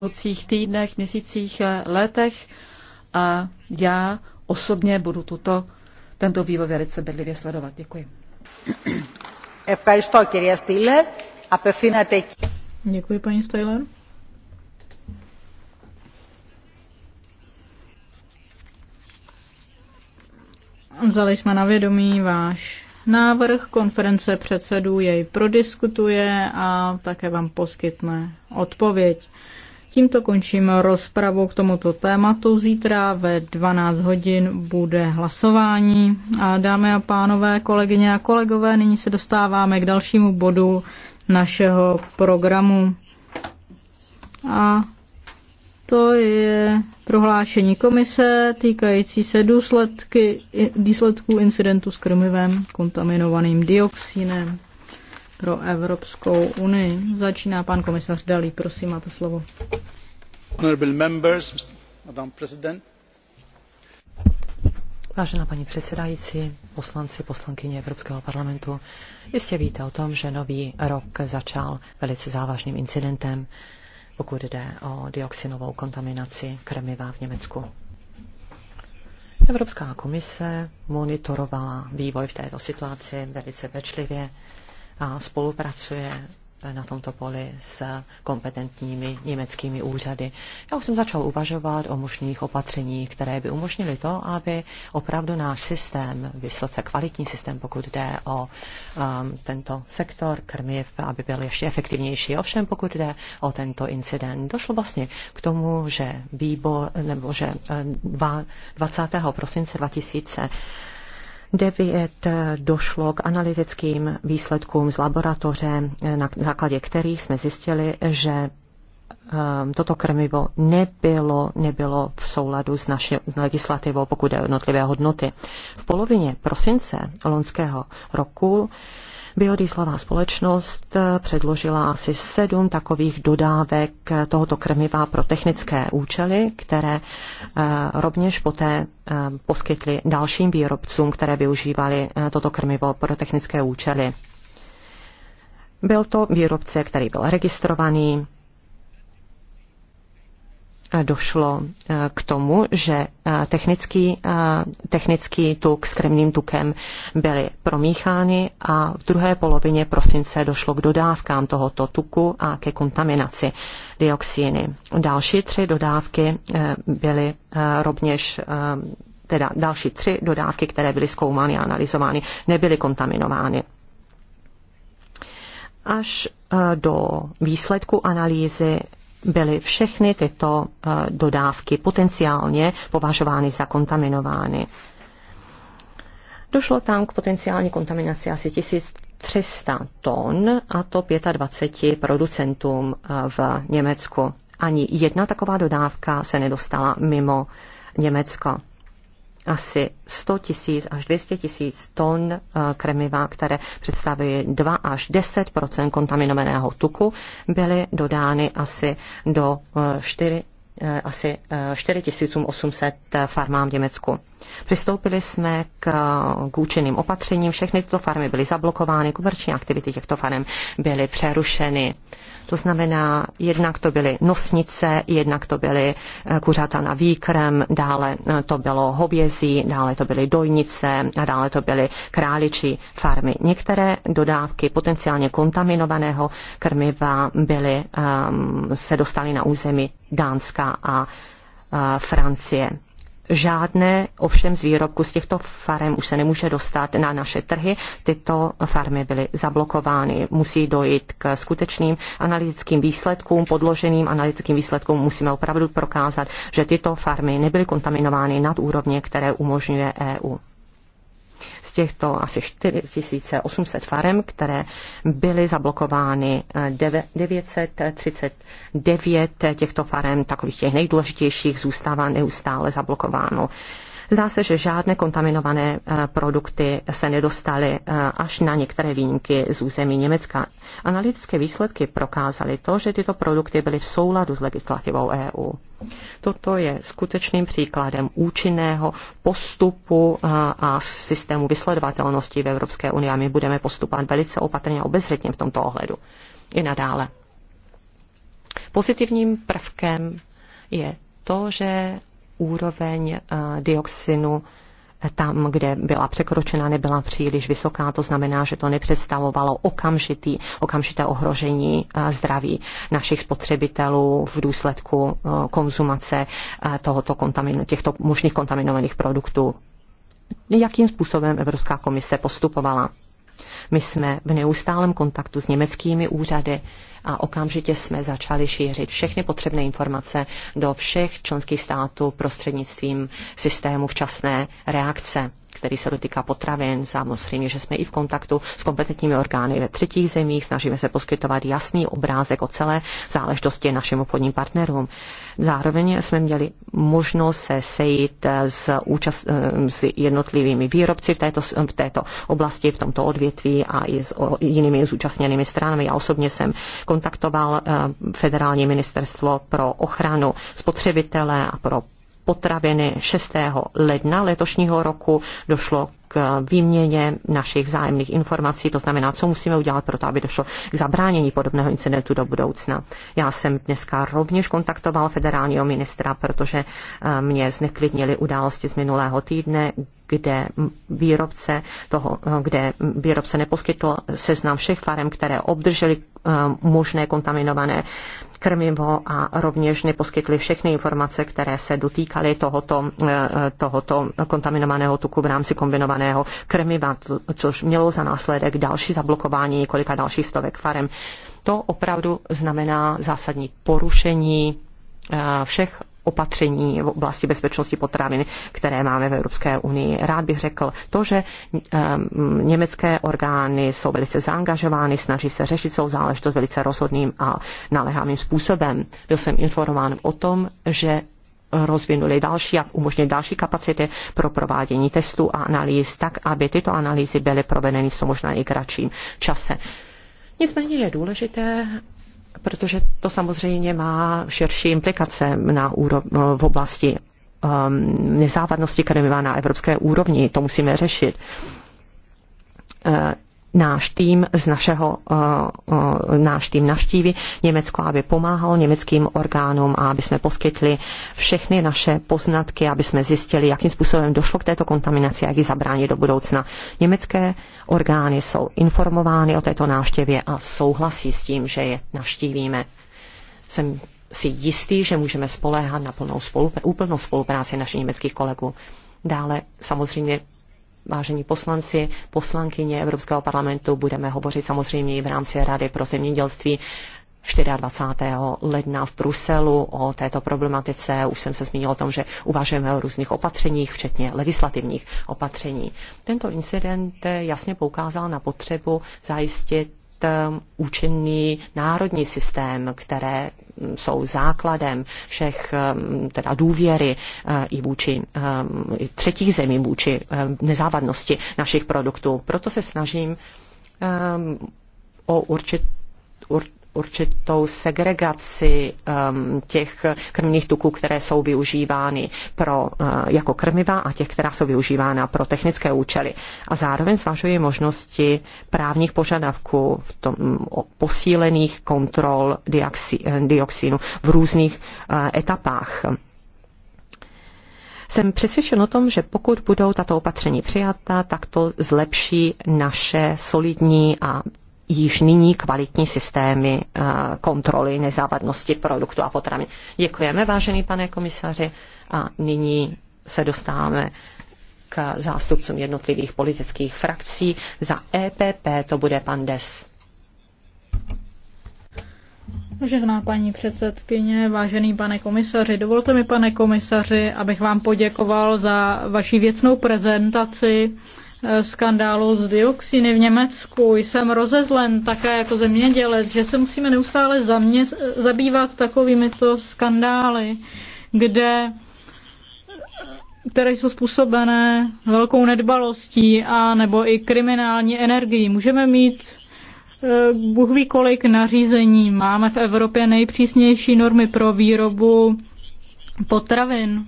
budoucích týdnech, měsících, eh, letech a já osobně budu tuto, tento vývoj velice bedlivě sledovat. Děkuji. Děkuji, paní Styler. Vzali jsme na vědomí váš návrh konference předsedů jej prodiskutuje a také vám poskytne odpověď. Tímto končím rozpravu k tomuto tématu. Zítra ve 12 hodin bude hlasování. A dámy a pánové, kolegyně a kolegové, nyní se dostáváme k dalšímu bodu našeho programu. A to je prohlášení komise týkající se důsledky, důsledků incidentu s krmivem kontaminovaným dioxinem pro Evropskou unii. Začíná pan komisař Dalí, prosím, máte slovo. Vážená paní předsedající, poslanci, poslankyně Evropského parlamentu, jistě víte o tom, že nový rok začal velice závažným incidentem, pokud jde o dioxinovou kontaminaci krmiva v Německu. Evropská komise monitorovala vývoj v této situaci velice pečlivě a spolupracuje na tomto poli s kompetentními německými úřady. Já už jsem začal uvažovat o možných opatřeních, které by umožnily to, aby opravdu náš systém, vysoce kvalitní systém, pokud jde o um, tento sektor krmiv, aby byl ještě efektivnější. Ovšem, pokud jde o tento incident, došlo vlastně k tomu, že výbor, nebo že 20. Um, prosince 2000 2009 eh, došlo k analytickým výsledkům z laboratoře, eh, na základě kterých jsme zjistili, že eh, toto krmivo nebylo, nebylo v souladu s naší legislativou, pokud je jednotlivé hodnoty. V polovině prosince loňského roku Biodýzlová společnost eh, předložila asi sedm takových dodávek eh, tohoto krmiva pro technické účely, které eh, rovněž poté poskytly dalším výrobcům, které využívali toto krmivo pro technické účely. Byl to výrobce, který byl registrovaný Eh, došlo eh, k tomu, že eh, technický, technický tuk s krevným tukem byly promíchány a v druhé polovině prosince došlo k dodávkám tohoto tuku a ke kontaminaci dioxíny. Další tři dodávky byly rovněž teda další tři dodávky, které byly zkoumány a analyzovány, nebyly kontaminovány. Až do výsledku analýzy byly všechny tyto eh, dodávky potenciálně považovány za kontaminovány. Došlo tam k potenciální kontaminaci asi 1300 tun a to 25 producentům eh, v Německu. Ani jedna taková dodávka se nedostala mimo Německo asi 100 tisíc až 200 tisíc ton eh, krmiva, které představují 2 až 10 kontaminovaného tuku, byly dodány asi do 4 eh, eh, asi 4800 farmám v Německu. Přistoupili jsme k, k účinným opatřením, všechny tyto farmy byly zablokovány, komerční aktivity těchto farm byly přerušeny. To znamená, jednak to byly nosnice, jednak to byly eh, kuřata na výkrem, dále eh, to bylo hovězí, dále to byly dojnice a dále to byly králičí farmy. Některé dodávky potenciálně kontaminovaného krmiva byly, um, se dostaly na území Dánska a uh, Francie. Žádné ovšem z výrobku z těchto farem už se nemůže dostat na naše trhy. Tyto farmy byly zablokovány. Musí dojít k skutečným analytickým výsledkům, podloženým analytickým výsledkům. Musíme opravdu prokázat, že tyto farmy nebyly kontaminovány nad úrovně, které umožňuje EU těchto asi 4800 farem, které byly zablokovány 939 eh, těchto farem, takových těch nejdůležitějších, zůstává neustále zablokováno. Zdá se, že žádné kontaminované eh, produkty se nedostaly eh, až na některé výjimky z území Německa. Analytické výsledky prokázaly to, že tyto produkty byly v souladu s legislativou EU. Toto je skutečným příkladem účinného postupu eh, a systému vysledovatelnosti v Evropské unii a my budeme postupovat velice opatrně a obezřetně v tomto ohledu i nadále. Pozitivním prvkem je to, že úroveň eh, dioxinu eh, tam, kde byla překročena, nebyla příliš vysoká, to znamená, že to nepředstavovalo okamžitý, okamžité ohrožení eh, zdraví našich spotřebitelů v důsledku konzumace tohoto kontamin- těchto možných kontaminovaných produktů. Jakým způsobem Evropská komise postupovala? My jsme v neustálém kontaktu s německými úřady, a okamžitě jsme začali šířit všechny potřebné informace do všech členských států prostřednictvím systému včasné reakce který se dotýká potravin. Samozřejmě, že jsme i v kontaktu s kompetentními orgány ve třetích zemích, snažíme se poskytovat jasný obrázek o celé záležitosti našim obchodním partnerům. Zároveň jsme měli možnost se sejít s, účast, eh, s jednotlivými výrobci v této, v této oblasti, v tomto odvětví a i s o, jinými zúčastněnými stranami. Já osobně jsem kontaktoval eh, Federální ministerstvo pro ochranu spotřebitele a pro potraviny 6. ledna letošního roku došlo k výměně našich zájemných informací, to znamená, co musíme udělat pro to, aby došlo k zabránění podobného incidentu do budoucna. Já jsem dneska rovněž kontaktoval federálního ministra, protože eh, mě zneklidnily události z minulého týdne, kde výrobce, toho, eh, kde výrobce neposkytl seznam všech farem, které obdrželi eh, možné kontaminované krmivo a rovněž neposkytli všechny informace, které se dotýkaly tohoto, eh, tohoto kontaminovaného tuku v rámci kombinovaného krmiva, což mělo za následek další zablokování několika dalších stovek farem. To opravdu znamená zásadní porušení eh, všech opatření v oblasti bezpečnosti potravin, které máme v Evropské unii. Rád bych řekl to, že ehm, německé orgány jsou velice zaangažovány, snaží se řešit celou záležitost velice rozhodným a naléhavým způsobem. Byl jsem informován o tom, že rozvinuli další a umožnili další kapacity pro provádění testů a analýz, tak aby tyto analýzy byly provedeny v co možná i kratším čase. Nicméně je důležité, protože to samozřejmě má širší implikace na úro... v oblasti um, nezávadnosti krmiva na evropské úrovni. To musíme řešit. Eh, náš tým z našeho, eh, eh, náš tým navštíví Německo, aby pomáhal německým orgánům a aby jsme poskytli všechny naše poznatky, aby jsme zjistili, jakým způsobem došlo k této kontaminaci a jak ji zabránit do budoucna. Německé orgány jsou informovány o této návštěvě a souhlasí s tím, že je navštívíme. Jsem si jistý, že můžeme spoléhat na plnou spolupr- úplnou spolupráci našich německých kolegů. Dále samozřejmě vážení poslanci, poslankyně Evropského parlamentu, budeme hovořit samozřejmě i v rámci Rady pro zemědělství. 24. ledna v Bruselu o této problematice. Už jsem se zmínil o tom, že uvažujeme o různých opatřeních, včetně legislativních opatření. Tento incident jasně poukázal na potřebu zajistit um, účinný národní systém, které jsou základem všech um, teda důvěry uh, i vůči um, i třetích zemí, vůči um, nezávadnosti našich produktů. Proto se snažím o určitě určitou segregaci ehm, těch krmných tuků, které jsou využívány pro, eh, jako krmiva a těch, která jsou využívána pro technické účely. A zároveň zvažuje možnosti právních požadavků v tom, posílených kontrol dioxi, eh, dioxinu v různých eh, etapách jsem přesvědčen o tom, že pokud budou tato opatření přijata, tak to zlepší naše solidní a již nyní kvalitní systémy eh, kontroly nezávadnosti produktu a potravin. Děkujeme, vážený pane komisaři, a nyní se dostáváme k zástupcům jednotlivých politických frakcí. Za EPP to bude pan Des. Vážená paní předsedkyně, vážený pane komisaři, dovolte mi, pane komisaři, abych vám poděkoval za vaši věcnou prezentaci skandálu z dioxiny v Německu. Jsem rozezlen také jako zemědělec, že se musíme neustále zamě- zabývat takovými to skandály, kde které jsou způsobené velkou nedbalostí a nebo i kriminální energií. Můžeme mít eh, Bůh ví kolik nařízení. Máme v Evropě nejpřísnější normy pro výrobu potravin.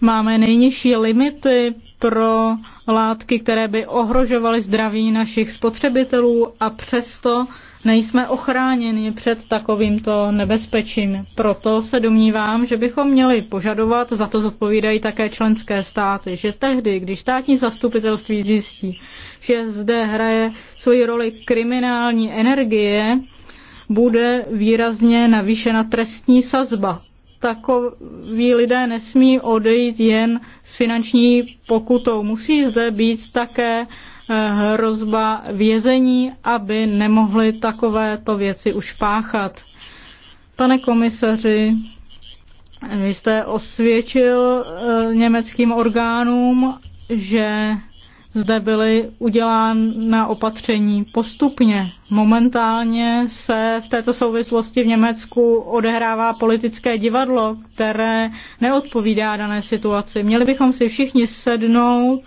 Máme nejnižší limity pro látky, které by ohrožovaly zdraví našich spotřebitelů a přesto nejsme ochráněni před takovýmto nebezpečím. Proto se domnívám, že bychom měli požadovat, za to zodpovídají také členské státy, že tehdy, když státní zastupitelství zjistí, že zde hraje svoji roli kriminální energie, bude výrazně navýšena trestní sazba takoví lidé nesmí odejít jen s finanční pokutou. Musí zde být také eh, hrozba vězení, aby nemohli takovéto věci už páchat. Pane komisaři, vy jste osvědčil eh, německým orgánům, že zde byly udělána opatření postupně. Momentálně se v této souvislosti v Německu odehrává politické divadlo, které neodpovídá dané situaci. Měli bychom si všichni sednout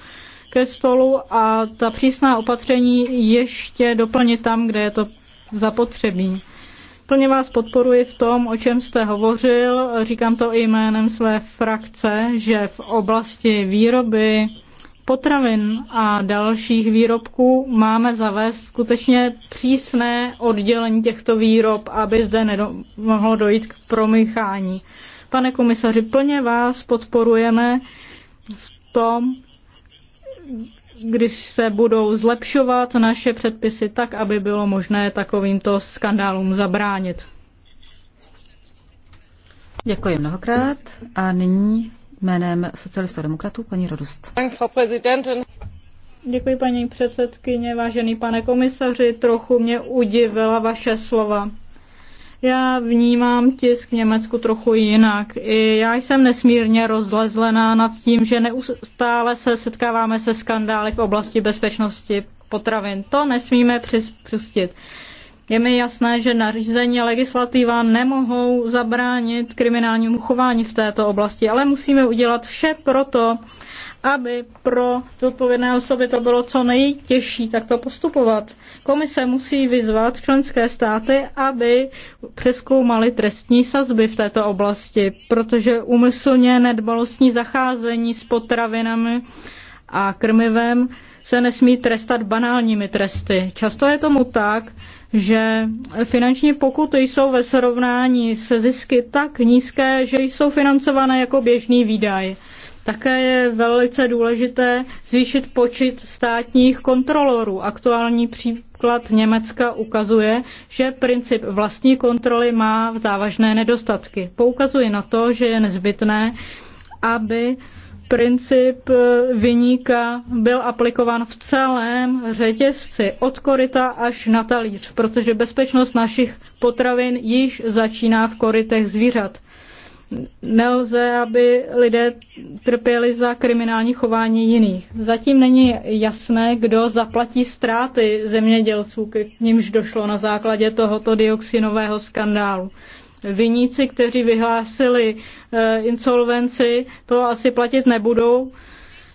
ke stolu a ta přísná opatření ještě doplnit tam, kde je to zapotřebí. Plně vás podporuji v tom, o čem jste hovořil. Říkám to i jménem své frakce, že v oblasti výroby potravin a dalších výrobků máme zavést skutečně přísné oddělení těchto výrob, aby zde mohlo dojít k promíchání. Pane komisaři, plně vás podporujeme v tom, když se budou zlepšovat naše předpisy tak, aby bylo možné takovýmto skandálům zabránit. Děkuji mnohokrát a nyní jménem socialistů demokratů paní Rodust. Děkuji paní předsedkyně, vážený pane komisaři, trochu mě udivila vaše slova. Já vnímám tisk Německu trochu jinak. I já jsem nesmírně rozlezlená nad tím, že neustále se setkáváme se skandály v oblasti bezpečnosti potravin. To nesmíme připustit. Je mi jasné, že nařízení a legislativa nemohou zabránit kriminálnímu chování v této oblasti, ale musíme udělat vše proto, aby pro zodpovědné osoby to bylo co nejtěžší takto postupovat. Komise musí vyzvat členské státy, aby přeskoumali trestní sazby v této oblasti, protože umyslně nedbalostní zacházení s potravinami a krmivem se nesmí trestat banálními tresty. Často je tomu tak, že finanční pokuty jsou ve srovnání se zisky tak nízké, že jsou financované jako běžný výdaj. Také je velice důležité zvýšit počet státních kontrolorů. Aktuální příklad Německa ukazuje, že princip vlastní kontroly má závažné nedostatky. Poukazuje na to, že je nezbytné, aby princip eh, vyníka byl aplikován v celém řetězci, od koryta až na talíř, protože bezpečnost našich potravin již začíná v korytech zvířat. Nelze, aby lidé trpěli za kriminální chování jiných. Zatím není jasné, kdo zaplatí ztráty zemědělců, k nímž došlo na základě tohoto dioxinového skandálu viníci, kteří vyhlásili eh, insolvenci, to asi platit nebudou.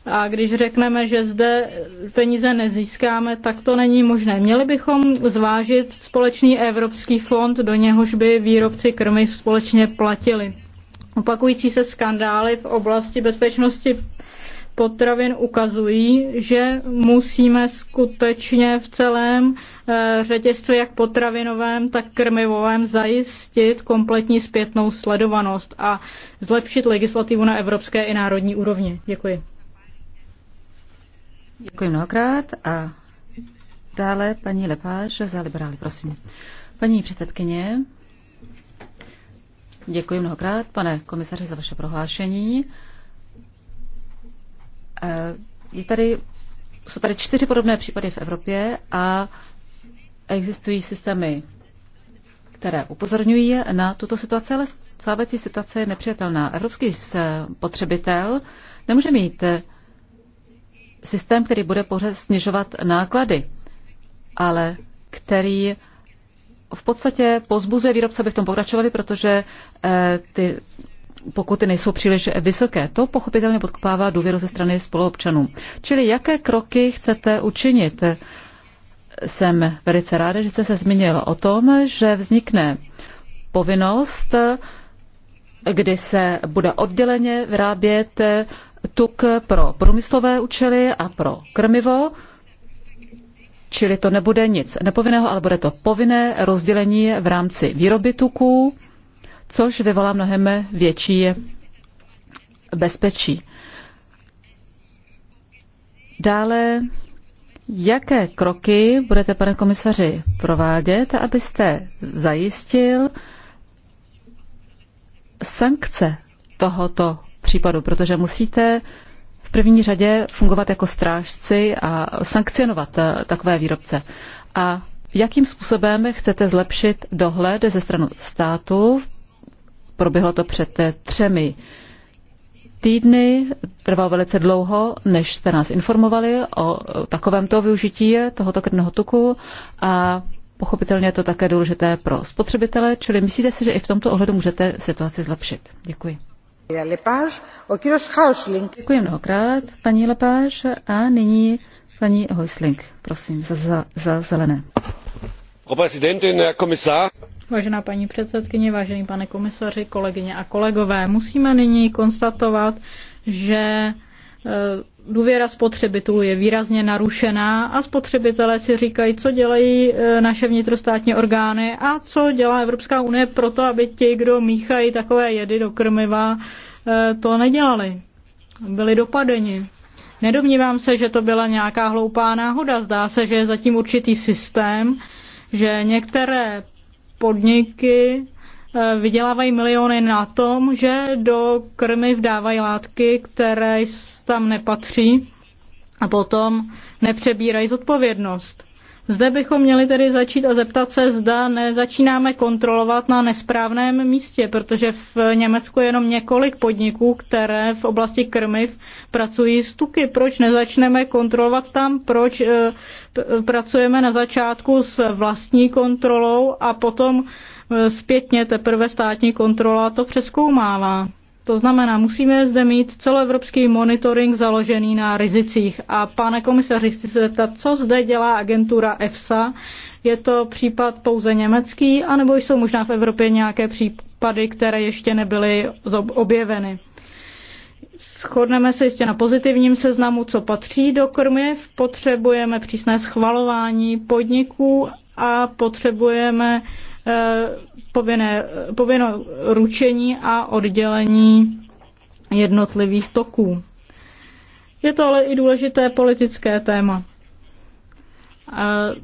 A když řekneme, že zde peníze nezískáme, tak to není možné. Měli bychom zvážit společný evropský fond, do něhož by výrobci krmy společně platili. Opakující se skandály v oblasti bezpečnosti potravin ukazují, že musíme skutečně v celém eh, řetězci, jak potravinovém, tak krmivovém, zajistit kompletní zpětnou sledovanost a zlepšit legislativu na evropské i národní úrovni. Děkuji. Děkuji mnohokrát a dále paní Lepář za liberály, prosím. Paní předsedkyně, děkuji mnohokrát, pane komisaři, za vaše prohlášení. Eh, je tady, jsou tady čtyři podobné případy v Evropě a existují systémy, které upozorňují na tuto situaci, ale stávající situace je nepřijatelná. Evropský spotřebitel nemůže mít eh, systém, který bude pořád snižovat náklady, ale který v podstatě pozbuzuje výrobce, aby v tom pokračovali, protože eh, ty pokud nejsou příliš vysoké. To pochopitelně podkopává důvěru ze strany spoluobčanů. Čili jaké kroky chcete učinit? Jsem velice ráda, že jste se zmínil o tom, že vznikne povinnost, kdy se bude odděleně vyrábět tuk pro průmyslové účely a pro krmivo. Čili to nebude nic nepovinného, ale bude to povinné rozdělení v rámci výroby tuků což vyvolá mnohem větší bezpečí. Dále, jaké kroky budete, pane komisaři, provádět, abyste zajistil sankce tohoto případu, protože musíte v první řadě fungovat jako strážci a sankcionovat eh, takové výrobce. A jakým způsobem chcete zlepšit dohled ze strany státu proběhlo to před eh, třemi týdny, trvalo velice dlouho, než jste nás informovali o takovémto využití tohoto krvného tuku a pochopitelně je to také důležité pro spotřebitele, čili myslíte si, že i v tomto ohledu můžete situaci zlepšit? Děkuji. Děkuji mnohokrát, paní Lepáš. A nyní paní Heusling, prosím, za, za zelené. Frau Präsidentin, Herr Kommissar. Vážená paní předsedkyně, vážený pane komisaři, kolegyně a kolegové, musíme nyní konstatovat, že e, důvěra spotřebitelů je výrazně narušená a spotřebitelé si říkají, co dělají e, naše vnitrostátní orgány a co dělá Evropská unie proto, aby ti, kdo míchají takové jedy do krmiva, e, to nedělali. Byli dopadeni. Nedomnívám se, že to byla nějaká hloupá náhoda. Zdá se, že je zatím určitý systém, že některé podniky eh, vydělávají miliony na tom, že do krmy dávají látky, které tam nepatří a potom nepřebírají zodpovědnost. Zde bychom měli tedy začít a zeptat se, zda nezačínáme kontrolovat na nesprávném místě, protože v Německu je jenom několik podniků, které v oblasti krmiv pracují s tuky. Proč nezačneme kontrolovat tam? Proč e, pracujeme na začátku s vlastní kontrolou a potom eh, zpětně teprve státní kontrola to přeskoumává? To znamená, musíme zde mít celoevropský monitoring založený na rizicích. A pane komisaři, chci se zeptat, co zde dělá agentura EFSA? Je to případ pouze německý, anebo jsou možná v Evropě nějaké případy, které ještě nebyly objeveny? Shodneme se ještě na pozitivním seznamu, co patří do krmiv. Potřebujeme přísné schvalování podniků a potřebujeme uh, Eh, povinné, povinno ručení a oddělení jednotlivých toků. Je to ale i důležité politické téma. Eh,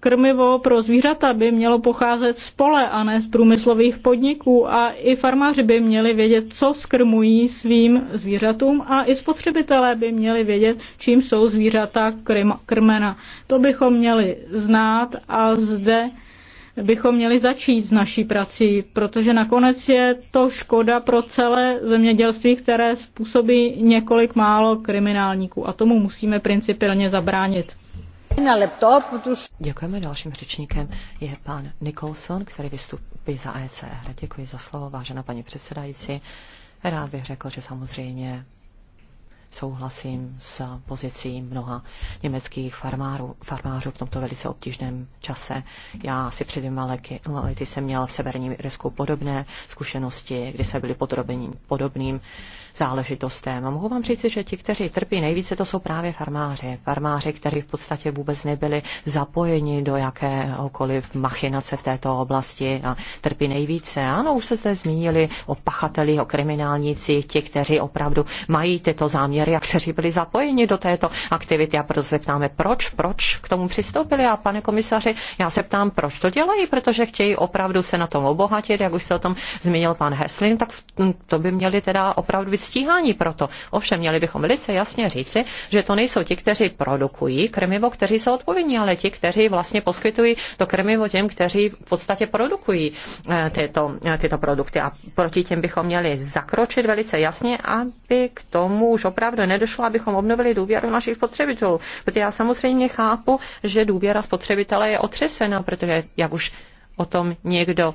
krmivo pro zvířata by mělo pocházet z pole a ne z průmyslových podniků a i farmáři by měli vědět, co skrmují svým zvířatům a i spotřebitelé by měli vědět, čím jsou zvířata krmena. To bychom měli znát a zde bychom měli začít s naší prací, protože nakonec je to škoda pro celé zemědělství, které způsobí několik málo kriminálníků a tomu musíme principiálně zabránit. Děkujeme. Dalším řečníkem je pan Nicholson, který vystupí za ECR. Děkuji za slovo, vážená paní předsedající. Rád bych řekl, že samozřejmě souhlasím s pozicí mnoha německých farmářů, farmářů v tomto velice obtížném čase. Já si před dvěma lety, jsem měla v Severním Irsku podobné zkušenosti, kdy se byli podrobeni podobným záležitostem. A mohu vám říct, že ti, kteří trpí nejvíce, to jsou právě farmáři. Farmáři, kteří v podstatě vůbec nebyli zapojeni do jakéhokoliv machinace v této oblasti a trpí nejvíce. Ano, už se zde zmínili o pachatelích, o kriminálnících, ti, kteří opravdu mají tyto záměry a kteří byli zapojeni do této aktivity. A proto se ptáme, proč, proč k tomu přistoupili. A pane komisaři, já se ptám, proč to dělají, protože chtějí opravdu se na tom obohatit, jak už se o tom zmínil pan Heslin, tak to by měli teda opravdu být stíháni proto. Ovšem, měli bychom velice jasně říci, že to nejsou ti, kteří produkují krmivo, kteří jsou odpovědní, ale ti, kteří vlastně poskytují to krmivo těm, kteří v podstatě produkují eh, tyto, eh, tyto produkty. A proti těm bychom měli zakročit velice jasně, aby k tomu už opravdu nedošlo, abychom obnovili důvěru našich spotřebitelů. Protože já samozřejmě chápu, že důvěra spotřebitele je otřesena, protože jak už o tom někdo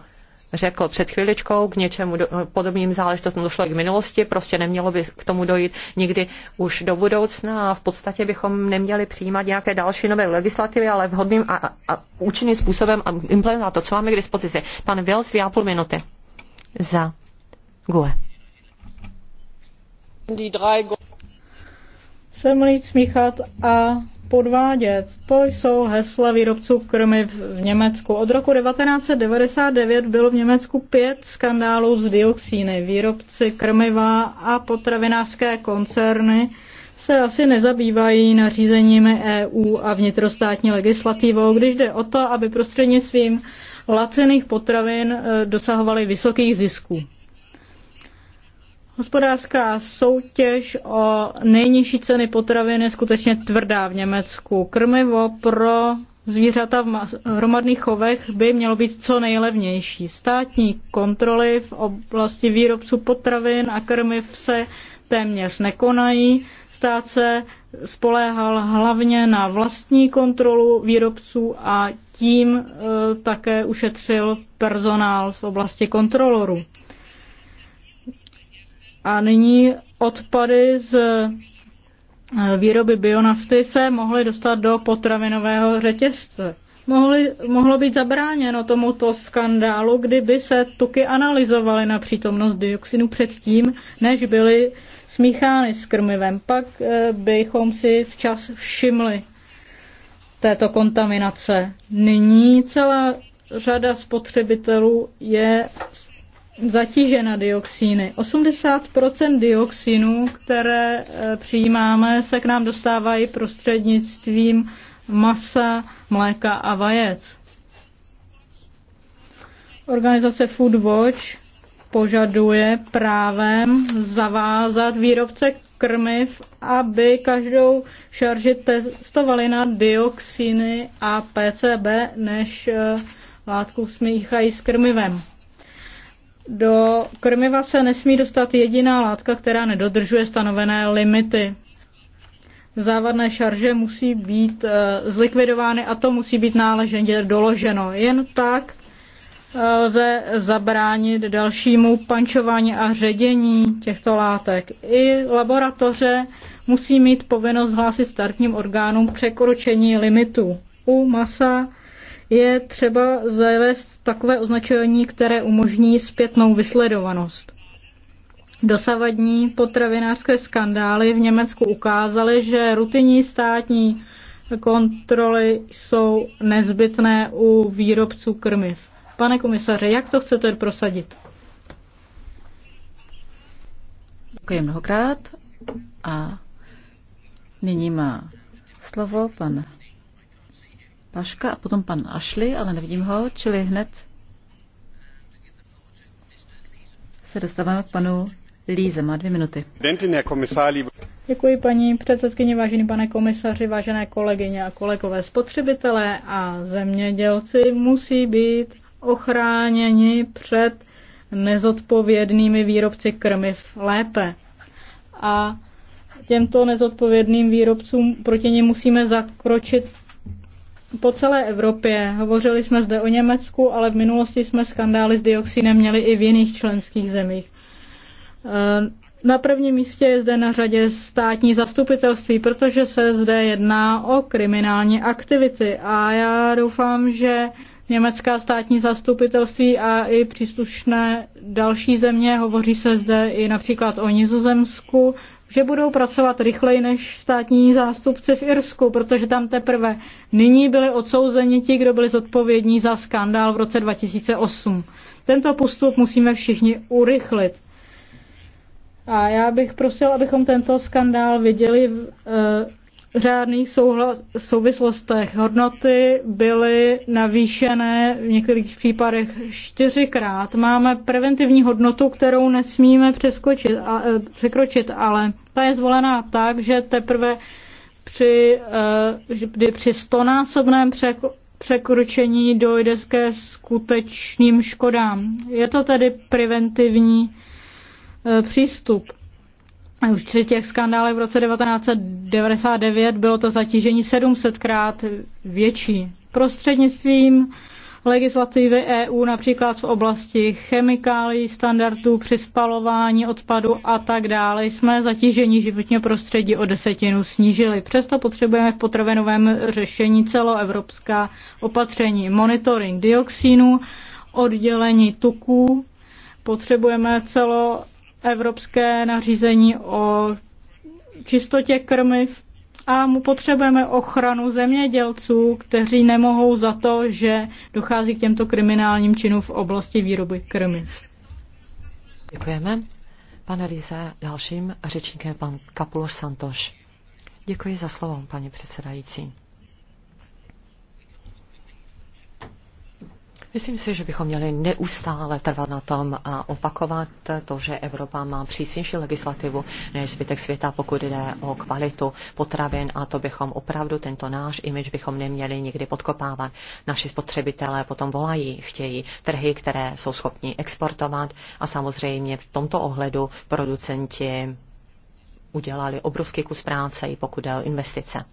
řekl před chviličkou, k něčemu do, podobným záležitostem došlo i k minulosti, prostě nemělo by k tomu dojít nikdy už do budoucna a v podstatě bychom neměli přijímat nějaké další nové legislativy, ale vhodným a, a, účinným způsobem a implementovat to, co máme k dispozici. Pan Vils, dvě a půl minuty. Za GUE. Jsem Líc Michat a podvádět. To jsou hesla výrobců krmy v Německu. Od roku 1999 bylo v Německu pět skandálů z dioxíny. Výrobci krmiva a potravinářské koncerny se asi nezabývají nařízeními EU a vnitrostátní legislativou, když jde o to, aby prostřednictvím lacených potravin eh, dosahovali vysokých zisků. Hospodářská soutěž o nejnižší ceny potravin je skutečně tvrdá v Německu. Krmivo pro zvířata v hromadných chovech by mělo být co nejlevnější. Státní kontroly v oblasti výrobců potravin a krmiv se téměř nekonají. Stát se spoléhal hlavně na vlastní kontrolu výrobců a tím e, také ušetřil personál v oblasti kontrolorů. A nyní odpady z eh, výroby bionafty se mohly dostat do potravinového řetězce. Mohly, mohlo být zabráněno tomuto skandálu, kdyby se tuky analyzovaly na přítomnost dioxinu předtím, než byly smíchány s krmivem. Pak eh, bychom si včas všimli této kontaminace. Nyní celá řada spotřebitelů je zatížena dioxíny. 80% dioxinů, které eh, přijímáme, se k nám dostávají prostřednictvím masa, mléka a vajec. Organizace Food Watch požaduje právem zavázat výrobce krmiv, aby každou šarži testovali na dioxiny a PCB, než eh, látku smíchají s krmivem. Do krmiva se nesmí dostat jediná látka, která nedodržuje stanovené limity. Závadné šarže musí být eh, zlikvidovány a to musí být náležitě doloženo. Jen tak eh, lze zabránit dalšímu pančování a ředění těchto látek. I laboratoře musí mít povinnost hlásit startním orgánům překročení limitu. U masa je třeba zavést takové označení, které umožní zpětnou vysledovanost. Dosavadní potravinářské skandály v Německu ukázaly, že rutinní státní kontroly jsou nezbytné u výrobců krmiv. Pane komisaře, jak to chcete prosadit? Děkuji mnohokrát a nyní má slovo pan Paška a potom pan Ashley, ale nevidím ho, čili hned se dostáváme k panu Líze. Má dvě minuty. Děkuji paní předsedkyně, vážený pane komisaři, vážené kolegyně a kolegové spotřebitelé a zemědělci musí být ochráněni před nezodpovědnými výrobci krmiv lépe. A těmto nezodpovědným výrobcům proti ně musíme zakročit po celé Evropě. Hovořili jsme zde o Německu, ale v minulosti jsme skandály s dioxinem měli i v jiných členských zemích. Eh, na prvním místě je zde na řadě státní zastupitelství, protože se zde jedná o kriminální aktivity a já doufám, že německá státní zastupitelství a i příslušné další země, hovoří se zde i například o Nizozemsku, že budou pracovat rychleji než státní zástupci v Irsku, protože tam teprve nyní byli odsouzeni ti, kdo byli zodpovědní za skandál v roce 2008. Tento postup musíme všichni urychlit. A já bych prosil, abychom tento skandál viděli v, eh, řádných souhlas, souvislostech. Hodnoty byly navýšené v některých případech čtyřikrát. Máme preventivní hodnotu, kterou nesmíme přeskočit, a, e, překročit, ale ta je zvolená tak, že teprve při, e, kdy při stonásobném překročení dojde ke skutečným škodám. Je to tedy preventivní e, přístup při těch skandálech v roce 1999 bylo to zatížení 700krát větší. Prostřednictvím legislativy EU například v oblasti chemikálií, standardů při spalování odpadu a tak dále jsme zatížení životního prostředí o desetinu snížili. Přesto potřebujeme v potravinovém řešení celoevropská opatření, monitoring dioxínu, oddělení tuků, potřebujeme celo evropské nařízení o čistotě krmiv a mu potřebujeme ochranu zemědělců, kteří nemohou za to, že dochází k těmto kriminálním činům v oblasti výroby krmiv. Děkujeme. Pane Líze, dalším řečníkem pan Kapuloš Santoš. Děkuji za slovo, paní předsedající. Myslím si, že bychom měli neustále trvat na tom a opakovat to, že Evropa má přísnější legislativu než zbytek světa, pokud jde o kvalitu potravin a to bychom opravdu tento náš image bychom neměli nikdy podkopávat. Naši spotřebitelé potom volají, chtějí trhy, které jsou schopni exportovat a samozřejmě v tomto ohledu producenti udělali obrovský kus práce, i pokud jde o investice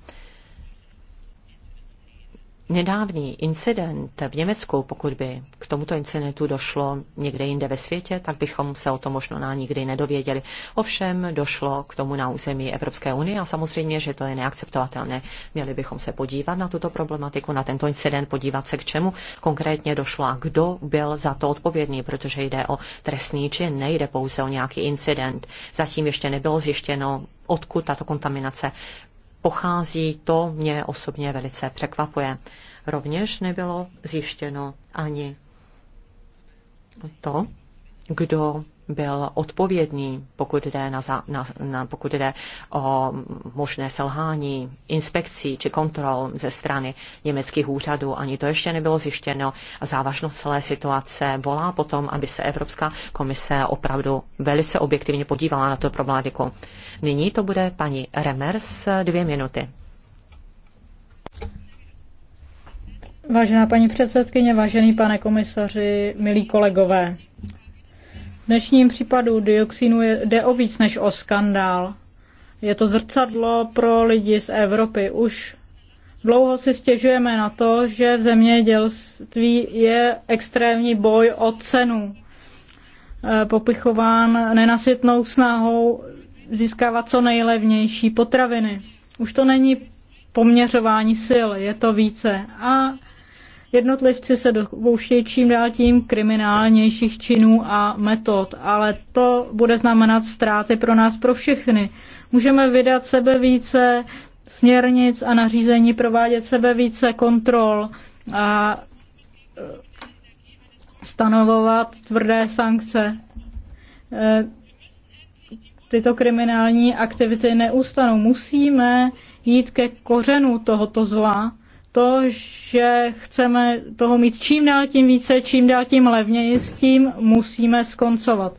nedávný incident v Německu, pokud by k tomuto incidentu došlo někde jinde ve světě, tak bychom se o tom možná nikdy nedověděli. Ovšem došlo k tomu na území Evropské unie a samozřejmě, že to je neakceptovatelné. Měli bychom se podívat na tuto problematiku, na tento incident, podívat se k čemu konkrétně došlo a kdo byl za to odpovědný, protože jde o trestný čin, nejde pouze o nějaký incident. Zatím ještě nebylo zjištěno, odkud tato kontaminace pochází, to mě osobně velice překvapuje. Rovněž nebylo zjištěno ani to, kdo byl odpovědný, pokud jde, na, na, na, pokud jde o možné selhání inspekcí či kontrol ze strany německých úřadů. Ani to ještě nebylo zjištěno. A závažnost celé situace volá potom, aby se Evropská komise opravdu velice objektivně podívala na tu problematiku. Nyní to bude paní Remers dvě minuty. Vážená paní předsedkyně, vážený pane komisaři, milí kolegové, dnešním případu dioxinu jde o víc než o skandál. Je to zrcadlo pro lidi z Evropy. Už dlouho si stěžujeme na to, že v zemědělství je extrémní boj o cenu. Eh, Popichován nenasytnou snahou získávat co nejlevnější potraviny. Už to není poměřování sil, je to více. A Jednotlivci se dopouštějí čím dál tím kriminálnějších činů a metod, ale to bude znamenat ztráty pro nás, pro všechny. Můžeme vydat sebe více směrnic a nařízení, provádět sebe více kontrol a eh, stanovovat tvrdé sankce. Eh, tyto kriminální aktivity neustanou. Musíme jít ke kořenu tohoto zla to, že chceme toho mít čím dál tím více, čím dál tím levněji, s tím musíme skoncovat.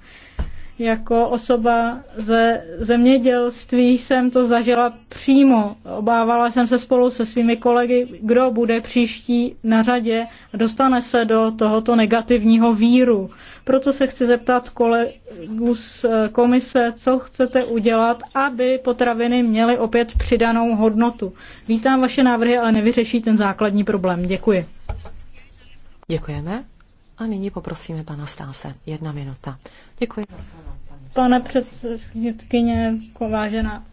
Jako osoba ze zemědělství jsem to zažila přímo. Obávala jsem se spolu se svými kolegy, kdo bude příští na řadě a dostane se do tohoto negativního víru. Proto se chci zeptat kolegů z komise, co chcete udělat, aby potraviny měly opět přidanou hodnotu. Vítám vaše návrhy, ale nevyřeší ten základní problém. Děkuji. Děkujeme. A nyní poprosíme pana Stáse. Jedna minuta. Děkuji. Pane předsedkyně, vážená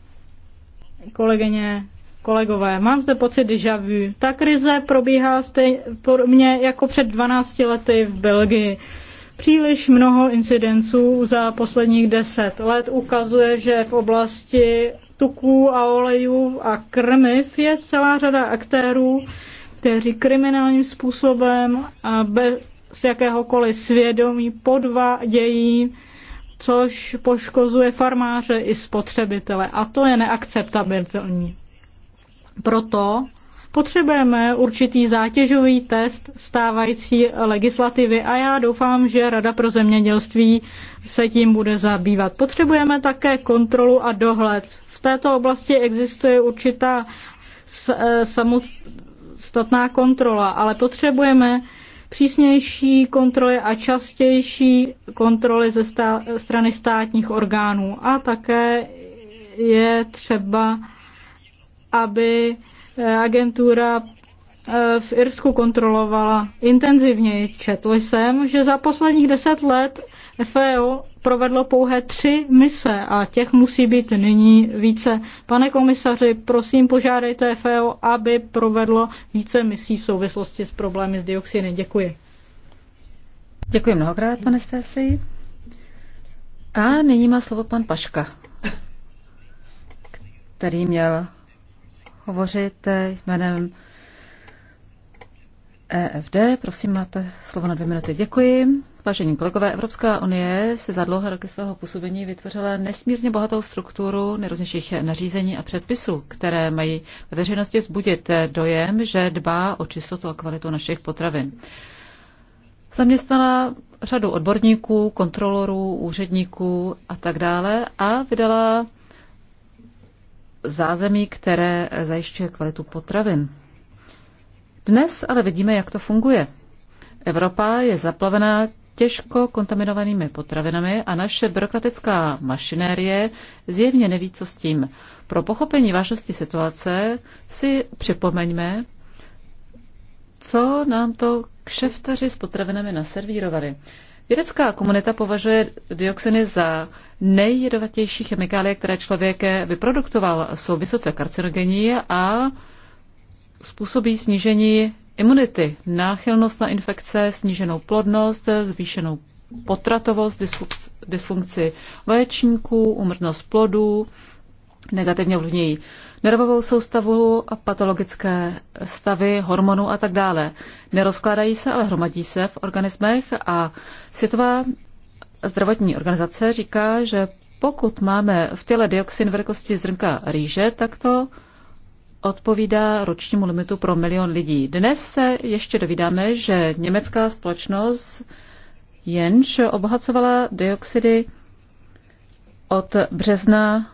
kolegyně, kolegové, mám zde pocit déjà vu. Ta krize probíhá stejně jako před 12 lety v Belgii. Příliš mnoho incidenců za posledních deset let ukazuje, že v oblasti tuků a olejů a krmiv je celá řada aktérů, kteří kriminálním způsobem a bez z jakéhokoliv svědomí podvádějí, což poškozuje farmáře i spotřebitele. A to je neakceptabilní. Proto potřebujeme určitý zátěžový test stávající legislativy a já doufám, že Rada pro zemědělství se tím bude zabývat. Potřebujeme také kontrolu a dohled. V této oblasti existuje určitá eh, samostatná kontrola, ale potřebujeme přísnější kontroly a častější kontroly ze stá- strany státních orgánů. A také je třeba, aby eh, agentura eh, v Irsku kontrolovala intenzivněji. Četl jsem, že za posledních deset let FAO provedlo pouhé tři mise a těch musí být nyní více. Pane komisaři, prosím požádejte FAO, e aby provedlo více misí v souvislosti s problémy s dioxiny. Děkuji. Děkuji mnohokrát, pane Stasi. A nyní má slovo pan Paška, který měl hovořit jménem EFD, prosím, máte slovo na dvě minuty. Děkuji. Vážení kolegové, Evropská unie se za dlouhé roky svého působení vytvořila nesmírně bohatou strukturu nejrůznějších nařízení a předpisů, které mají ve veřejnosti zbudit dojem, že dbá o čistotu a kvalitu našich potravin. Zaměstnala řadu odborníků, kontrolorů, úředníků a tak dále a vydala zázemí, které zajišťuje kvalitu potravin. Dnes ale vidíme, jak to funguje. Evropa je zaplavená těžko kontaminovanými potravinami a naše byrokratická mašinérie zjevně neví, co s tím. Pro pochopení vážnosti situace si připomeňme, co nám to kšeftaři s potravinami naservírovali. Vědecká komunita považuje dioxiny za nejjedovatější chemikálie, které člověk vyproduktoval, Jsou vysoce karcinogenní a způsobí snížení imunity, náchylnost na infekce, sníženou plodnost, zvýšenou potratovost, dysfunkci vaječníků, umrtnost plodů, negativně ovlivňují nervovou soustavu, a patologické stavy, hormonů a tak dále. Nerozkládají se, ale hromadí se v organismech a Světová zdravotní organizace říká, že pokud máme v těle dioxin velikosti zrnka rýže, tak to odpovídá ročnímu limitu pro milion lidí. Dnes se ještě dovídáme, že německá společnost jenž obohacovala dioxidy od března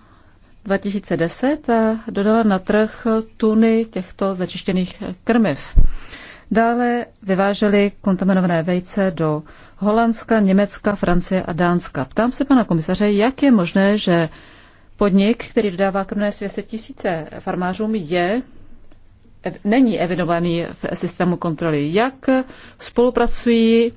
2010 a dodala na trh tuny těchto začištěných krmiv. Dále vyváželi kontaminované vejce do Holandska, Německa, Francie a Dánska. Ptám se pana komisaře, jak je možné, že Podnik, který dodává krmné svěse tisíce farmářům, je není evidovaný v systému kontroly. Jak spolupracují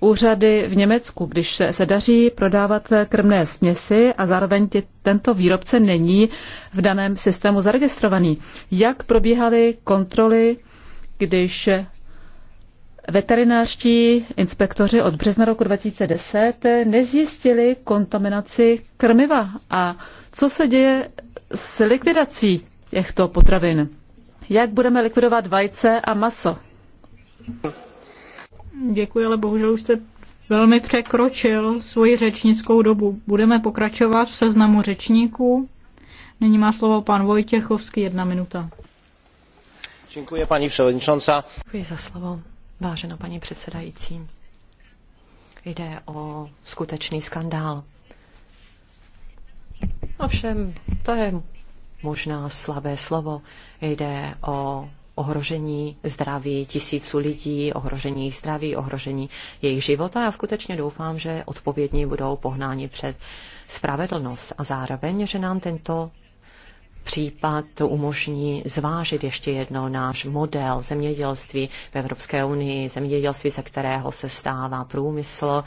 úřady v Německu, když se daří prodávat krmné směsi a zároveň tě, tento výrobce není v daném systému zaregistrovaný. Jak probíhaly kontroly, když Veterinářští inspektoři od března roku 2010 nezjistili kontaminaci krmiva. A co se děje s likvidací těchto potravin? Jak budeme likvidovat vajce a maso? Děkuji, ale bohužel už jste velmi překročil svoji řečnickou dobu. Budeme pokračovat v seznamu řečníků. Nyní má slovo pan Vojtěchovský, jedna minuta. Děkuji, paní předsedající. Děkuji za slovo. Vážená paní předsedající, jde o skutečný skandál. Ovšem, to je možná slabé slovo. Jde o ohrožení zdraví tisíců lidí, ohrožení jejich zdraví, ohrožení jejich života. Já skutečně doufám, že odpovědní budou pohnáni před spravedlnost a zároveň, že nám tento případ umožní zvážit ještě jednou náš model zemědělství v Evropské unii, zemědělství, ze kterého se stává průmysl.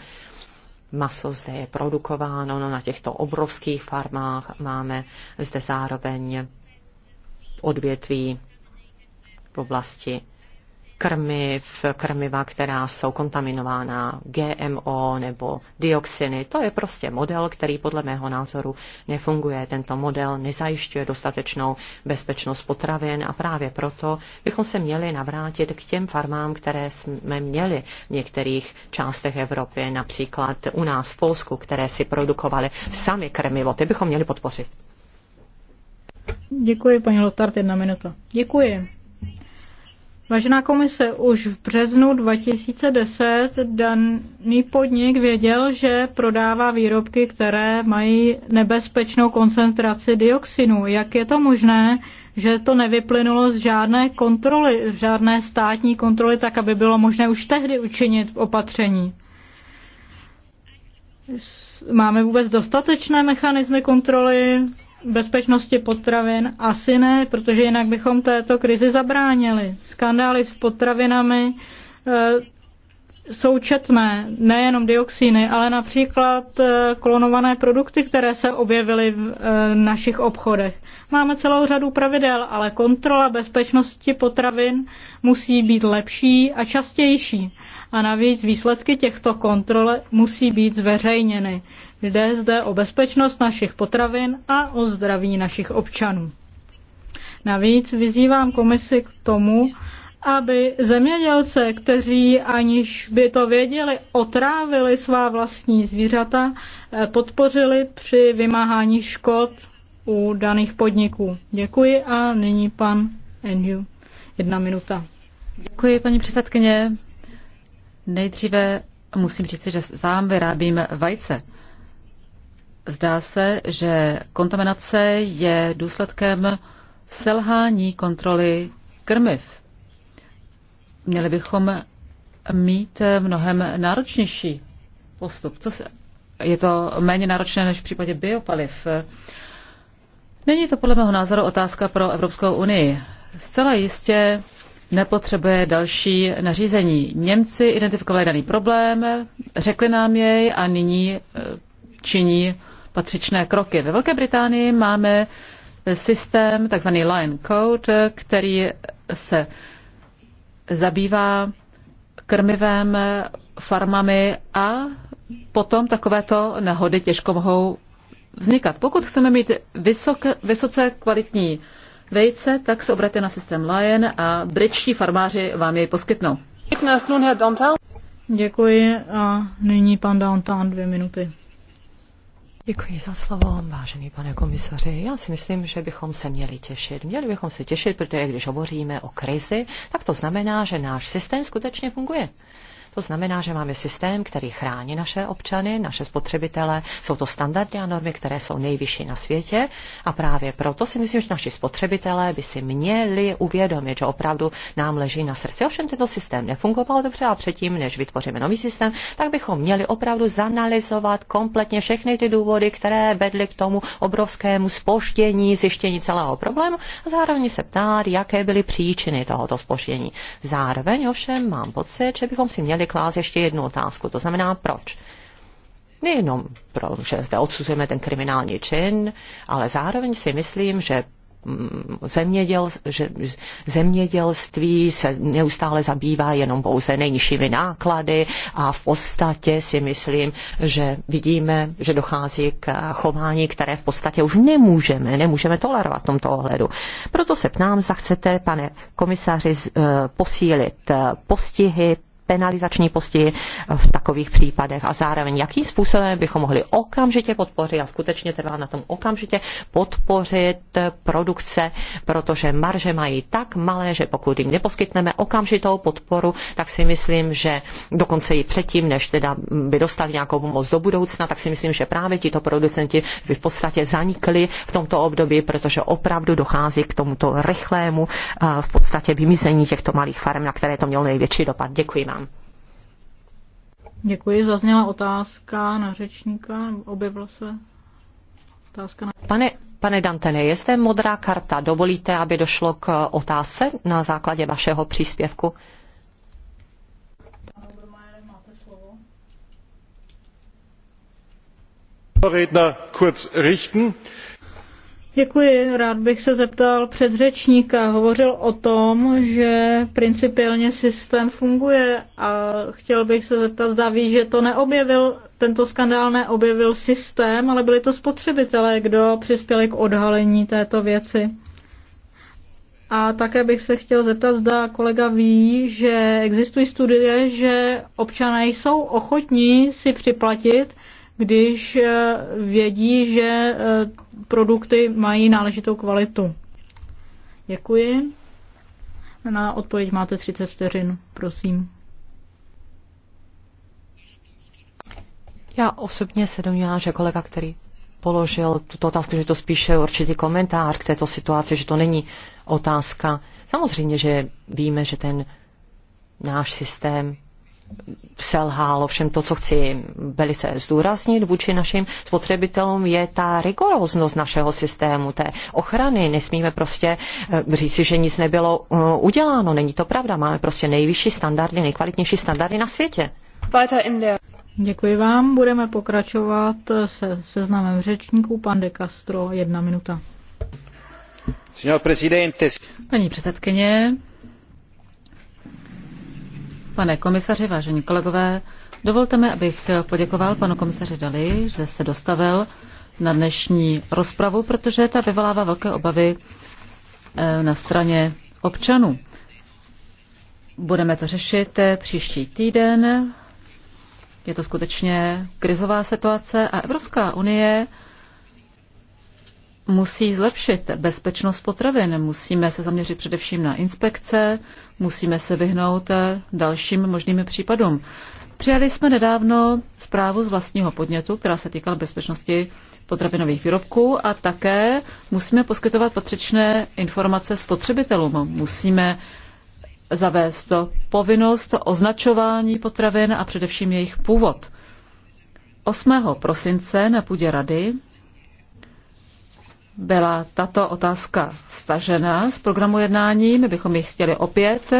Maso zde je produkováno no, na těchto obrovských farmách. Máme zde zároveň odvětví v oblasti krmiv, krmiva, která jsou kontaminována GMO nebo dioxiny. To je prostě model, který podle mého názoru nefunguje. Tento model nezajišťuje dostatečnou bezpečnost potravin a právě proto bychom se měli navrátit k těm farmám, které jsme měli v některých částech Evropy, například u nás v Polsku, které si produkovaly sami krmivo. Ty bychom měli podpořit. Děkuji, paní Lotard, jedna minuta. Děkuji. Vážená komise, už v březnu 2010 daný podnik věděl, že prodává výrobky, které mají nebezpečnou koncentraci dioxinu. Jak je to možné, že to nevyplynulo z žádné kontroly, žádné státní kontroly, tak aby bylo možné už tehdy učinit opatření? Máme vůbec dostatečné mechanismy kontroly? bezpečnosti potravin asi ne, protože jinak bychom této krizi zabránili. Skandály s potravinami eh, součetné nejenom dioxíny, ale například eh, klonované produkty, které se objevily v eh, našich obchodech. Máme celou řadu pravidel, ale kontrola bezpečnosti potravin musí být lepší a častější. A navíc výsledky těchto kontrol musí být zveřejněny. Jde zde o bezpečnost našich potravin a o zdraví našich občanů. Navíc vyzývám komisi k tomu, aby zemědělce, kteří aniž by to věděli, otrávili svá vlastní zvířata, eh, podpořili při vymáhání škod u daných podniků. Děkuji a nyní pan Andrew. Jedna minuta. Děkuji, paní předsedkyně. Nejdříve musím říct, že sám vyrábím vajce. Zdá se, že kontaminace je důsledkem selhání kontroly krmiv Měli bychom mít mnohem náročnější postup. Co se, je to méně náročné než v případě biopaliv. Není to podle mého názoru otázka pro Evropskou unii. Zcela jistě nepotřebuje další nařízení. Němci identifikovali daný problém, řekli nám jej a nyní eh, činí patřičné kroky. Ve Velké Británii máme systém, takzvaný line code, který se zabývá krmivem, farmami a potom takovéto nehody těžko mohou vznikat. Pokud chceme mít vysoké, vysoce kvalitní vejce, tak se obraťte na systém Lion a britští farmáři vám jej poskytnou. Děkuji a nyní pan Downtown dvě minuty. Děkuji za slovo, vážený pane komisaři. Já si myslím, že bychom se měli těšit. Měli bychom se těšit, protože když hovoříme o krizi, tak to znamená, že náš systém skutečně funguje. To znamená, že máme systém, který chrání naše občany, naše spotřebitele. Jsou to standardy a normy, které jsou nejvyšší na světě a právě proto si myslím, že naši spotřebitelé by si měli uvědomit, že opravdu nám leží na srdci. Ovšem tento systém nefungoval dobře a předtím, než vytvoříme nový systém, tak bychom měli opravdu zanalizovat kompletně všechny ty důvody, které vedly k tomu obrovskému spoštění, zjištění celého problému a zároveň se ptát, jaké byly příčiny tohoto spoštění. Zároveň ovšem mám pocit, že bychom si měli měli klást ještě jednu otázku, to znamená proč. Nejenom pro, že zde odsuzujeme ten kriminální čin, ale zároveň si myslím, že mm, zeměděl, že zemědělství se neustále zabývá jenom pouze nejnižšími náklady a v podstatě si myslím, že vidíme, že dochází k chování, které v podstatě už nemůžeme, nemůžeme tolerovat v tomto ohledu. Proto se ptám, zda chcete, pane komisaři, eh, posílit eh, postihy penalizační postihy v takových případech a zároveň jakým způsobem bychom mohli okamžitě podpořit a skutečně trvá na tom okamžitě podpořit produkce, protože marže mají tak malé, že pokud jim neposkytneme okamžitou podporu, tak si myslím, že dokonce i předtím, než teda by dostali nějakou pomoc do budoucna, tak si myslím, že právě tito producenti by v podstatě zanikli v tomto období, protože opravdu dochází k tomuto rychlému eh, v podstatě vymizení těchto malých farm, na které to mělo největší dopad. Děkuji vám. Děkuji, zazněla otázka na řečníka, objevila se otázka na... Pane, pane Dantene, je zde modrá karta, dovolíte, aby došlo k otázce na základě vašeho příspěvku? redner máte slovo. Děkuji. Rád bych se zeptal předřečníka. Hovořil o tom, že principiálně systém funguje a chtěl bych se zeptat, zda ví, že to neobjevil, tento skandál neobjevil systém, ale byli to spotřebitelé, kdo přispěli k odhalení této věci. A také bych se chtěl zeptat, zda kolega ví, že existují studie, že občané jsou ochotní si připlatit když eh, vědí, že eh, produkty mají náležitou kvalitu. Děkuji. Na odpověď máte 30 vteřin, prosím. Já osobně se domnívám, že kolega, který položil tuto otázku, že to spíše určitý komentář k této situaci, že to není otázka. Samozřejmě, že víme, že ten náš systém selhal. Ovšem to, co chci velice zdůraznit vůči našim spotřebitelům, je ta rigoróznost našeho systému, té ochrany. Nesmíme prostě eh, říci, že nic nebylo eh, uděláno. Není to pravda. Máme prostě nejvyšší standardy, nejkvalitnější standardy na světě. Děkuji vám. Budeme pokračovat eh, se seznamem řečníků. Pan De Castro, jedna minuta. Paní předsedkyně, Pane komisaři, vážení kolegové, dovolte mi, abych poděkoval panu komisaři Dali, že se dostavil na dnešní rozpravu, protože ta vyvolává velké obavy eh, na straně občanů. Budeme to řešit eh, příští týden. Je to skutečně krizová situace a Evropská unie musí zlepšit bezpečnost potravin. Musíme se zaměřit především na inspekce, musíme se vyhnout eh, dalším možným případům. Přijali jsme nedávno zprávu z vlastního podnětu, která se týkala bezpečnosti potravinových výrobků a také musíme poskytovat patřičné informace spotřebitelům. Musíme zavést povinnost označování potravin a především jejich původ. 8. prosince na půdě rady byla tato otázka stažena z programu jednání. My bychom ji chtěli opět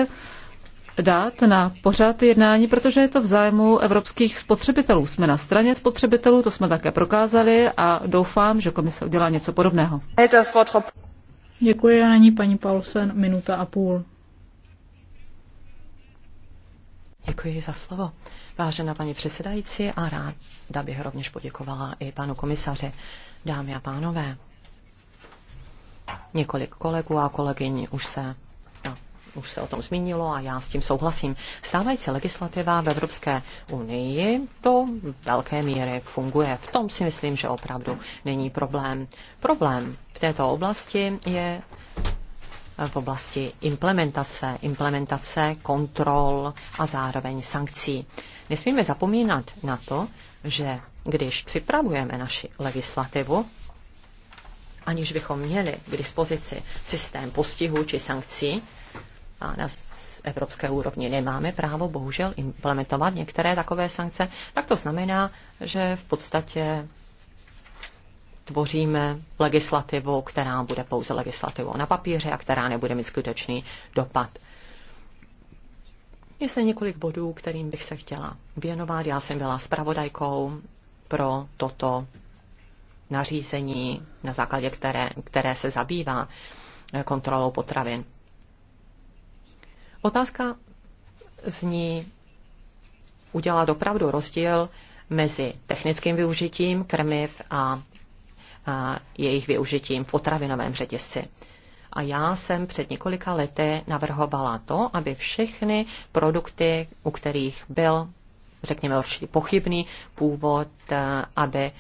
dát na pořád jednání, protože je to v zájmu evropských spotřebitelů. Jsme na straně spotřebitelů, to jsme také prokázali a doufám, že komise udělá něco podobného. Děkuji, Ani paní Paulsen, minuta a půl. Děkuji za slovo. Vážená paní předsedající a ráda bych rovněž poděkovala i panu komisaři. Dámy a pánové, Několik kolegů a kolegyň už se no, už se o tom zmínilo a já s tím souhlasím. Stávající legislativa v Evropské unii do velké míry funguje. V tom si myslím, že opravdu není problém. Problém v této oblasti je v oblasti implementace, implementace kontrol a zároveň sankcí. Nesmíme zapomínat na to, že když připravujeme naši legislativu, aniž bychom měli k dispozici systém postihu či sankcí, a na evropské úrovni nemáme právo bohužel implementovat některé takové sankce, tak to znamená, že v podstatě tvoříme legislativu, která bude pouze legislativou na papíře a která nebude mít skutečný dopad. Je zde několik bodů, kterým bych se chtěla věnovat. Já jsem byla spravodajkou pro toto nařízení, na základě které, které se zabývá eh, kontrolou potravin. Otázka zní udělá opravdu rozdíl mezi technickým využitím krmiv a, a jejich využitím v potravinovém řetězci. A já jsem před několika lety navrhovala to, aby všechny produkty, u kterých byl, řekněme, určitě pochybný původ, eh, aby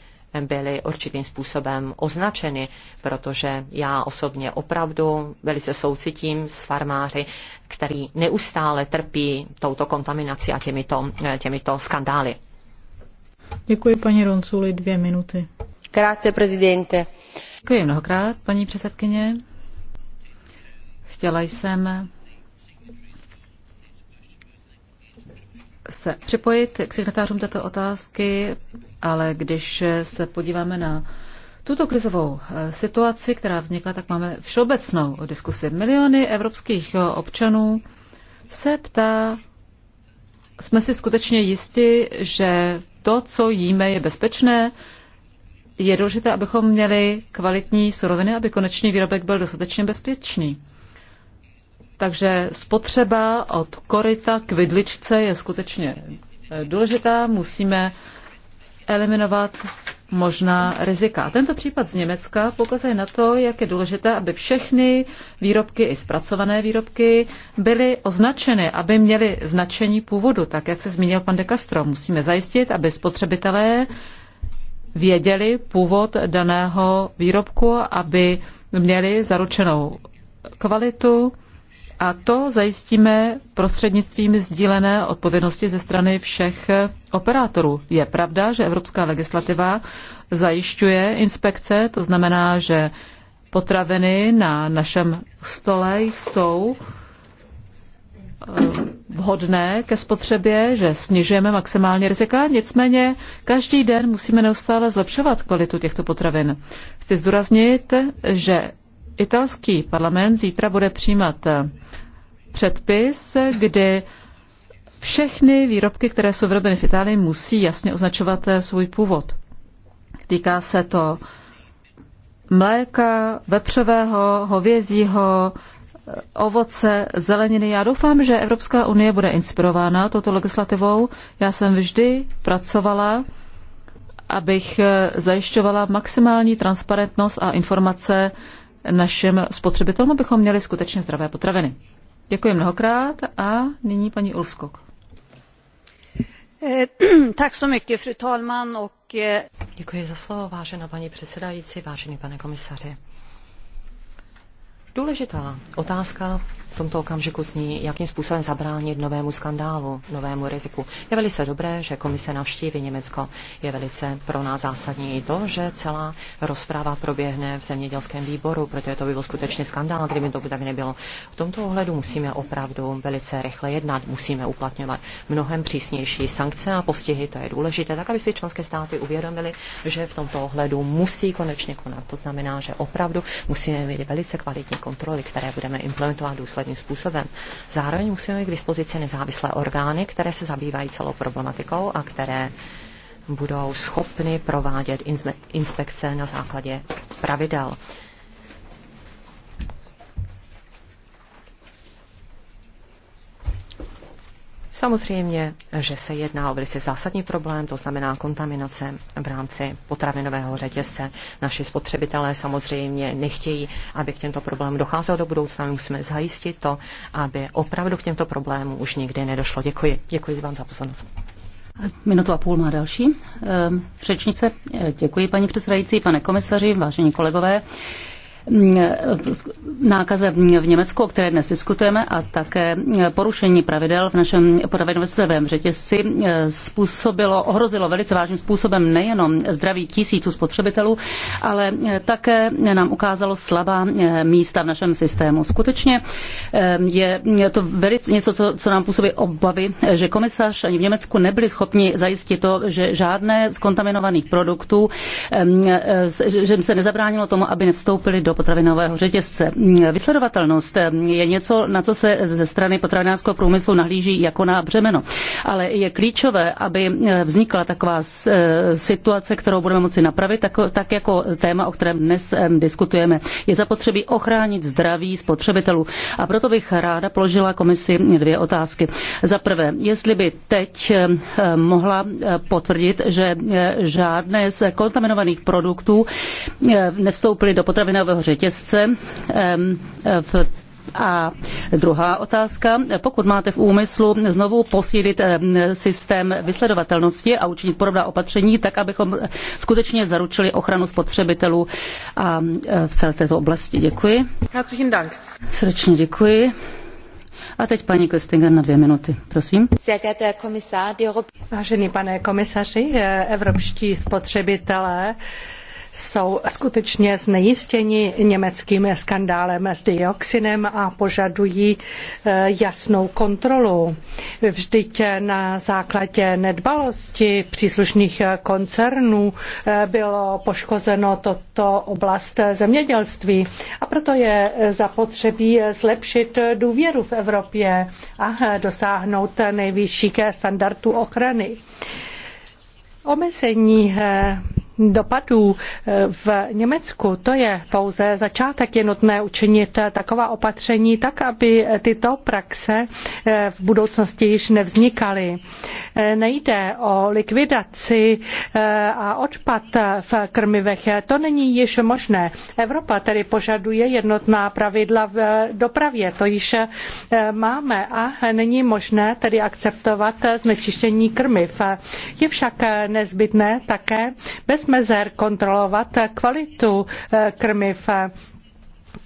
byly určitým způsobem označeny, protože já osobně opravdu velice soucitím s farmáři, který neustále trpí touto kontaminací a těmito, těmito skandály. Děkuji paní Ronsuli, dvě minuty. Krátce, prezidente. Děkuji mnohokrát, paní předsedkyně. Chtěla jsem se připojit k signatářům této otázky, ale když se podíváme na tuto krizovou eh, situaci, která vznikla, tak máme všeobecnou diskusi. Miliony evropských eh, občanů se ptá, jsme si skutečně jisti, že to, co jíme, je bezpečné. Je důležité, abychom měli kvalitní suroviny, aby konečný výrobek byl dostatečně bezpečný. Takže spotřeba od koryta k vidličce je skutečně eh, důležitá. Musíme eliminovat možná rizika. A tento případ z Německa poukazuje na to, jak je důležité, aby všechny výrobky, i zpracované výrobky, byly označeny, aby měly značení původu, tak jak se zmínil pan De Castro. Musíme zajistit, aby spotřebitelé věděli původ daného výrobku, aby měli zaručenou kvalitu, a to zajistíme prostřednictvím sdílené odpovědnosti ze strany všech operátorů. Je pravda, že evropská legislativa zajišťuje inspekce, to znamená, že potraviny na našem stole jsou eh, vhodné ke spotřebě, že snižujeme maximálně rizika, nicméně každý den musíme neustále zlepšovat kvalitu těchto potravin. Chci zdůraznit, že Italský parlament zítra bude přijímat eh, předpis, kdy všechny výrobky, které jsou vyrobeny v Itálii, musí jasně označovat eh, svůj původ. Týká se to mléka, vepřového, hovězího, eh, ovoce, zeleniny. Já doufám, že Evropská unie bude inspirována touto legislativou. Já jsem vždy pracovala, abych zajišťovala maximální transparentnost a informace našim spotřebitelům, abychom měli skutečně zdravé potraviny. Děkuji mnohokrát a nyní paní Ulfskok. Eh, eh, Děkuji za slovo, vážená paní předsedající, vážený pane komisaři. Důležitá otázka v tomto okamžiku zní, jakým způsobem zabránit novému skandálu, novému riziku. Je velice dobré, že komise navštíví Německo. Je velice pro nás zásadní i to, že celá rozpráva proběhne v zemědělském výboru, protože to by byl skutečně skandál, kdyby to by tak nebylo. V tomto ohledu musíme opravdu velice rychle jednat, musíme uplatňovat mnohem přísnější sankce a postihy, to je důležité, tak aby si členské státy uvědomili, že v tomto ohledu musí konečně konat. To znamená, že opravdu musíme mít velice kvalitní kontroly, které budeme implementovat důsledně důsledným způsobem. Zároveň musíme mít k dispozici nezávislé orgány, které se zabývají celou problematikou a které budou schopny provádět inspekce na základě pravidel. Samozřejmě, že se jedná o velice zásadní problém, to znamená kontaminace v rámci potravinového řetězce. Naši spotřebitelé samozřejmě nechtějí, aby k těmto problémům docházelo do budoucna. My musíme zajistit to, aby opravdu k těmto problémům už nikdy nedošlo. Děkuji. Děkuji vám za pozornost. Minutu a půl má další. Eh, řečnice, eh, děkuji paní předsedající, pane komisaři, vážení kolegové. Mm, nákaze v Německu, o které dnes diskutujeme, a také mm, porušení pravidel v našem potravinovém řetězci mm, způsobilo, ohrozilo velice vážným způsobem nejenom zdraví tisíců spotřebitelů, ale také nám ukázalo slabá místa v našem systému. Skutečně je to velice něco, co, co nám působí obavy, že komisař ani v Německu nebyli schopni zajistit to, že žádné z kontaminovaných produktů, že se nezabránilo tomu, aby nevstoupili do potravinového řetězce. Vysledovatelnost je něco, na co se ze strany potravinářského průmyslu nahlíží jako na břemeno. Ale je klíčové, aby vznikla taková e, situace, kterou budeme moci napravit, tak, tak jako téma, o kterém dnes e, diskutujeme. Je zapotřebí ochránit zdraví spotřebitelů. A proto bych ráda položila komisi dvě otázky. Za prvé, jestli by teď e, mohla potvrdit, že žádné z kontaminovaných produktů nevstoupily do potravinového řetězce v a druhá otázka, pokud máte v úmyslu znovu posílit systém vysledovatelnosti a učinit podobná opatření, tak abychom skutečně zaručili ochranu spotřebitelů a v celé této oblasti. Děkuji. Herzlichen Dank. Srdečně děkuji. A teď paní Köstinger na dvě minuty, prosím. Vážený pane komisaři, eh, evropští spotřebitelé jsou skutečně znejistěni německým skandálem s dioxinem a požadují eh, jasnou kontrolu. Vždyť na základě nedbalosti příslušných koncernů eh, bylo poškozeno toto oblast zemědělství a proto je zapotřebí zlepšit důvěru v Evropě a dosáhnout nejvyšších standardů ochrany. Omezení eh, dopadů eh, v Německu. To je pouze začátek. Je nutné učinit eh, taková opatření tak, aby tyto praxe eh, v budoucnosti již nevznikaly. Nejde o likvidaci a odpad v krmivech. To není již možné. Evropa tedy požaduje jednotná pravidla v dopravě. To již máme a není možné tedy akceptovat znečištění krmiv. Je však nezbytné také bez mezer kontrolovat kvalitu eh, krmiv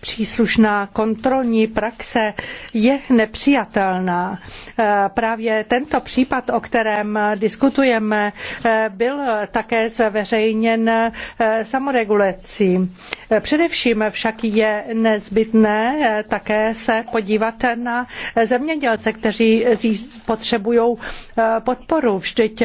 příslušná kontrolní praxe je nepřijatelná. Eh, právě tento případ, o kterém diskutujeme, eh, byl také zveřejněn eh, samoregulací. Především však je nezbytné také se podívat na zemědělce, kteří potřebují podporu. Vždyť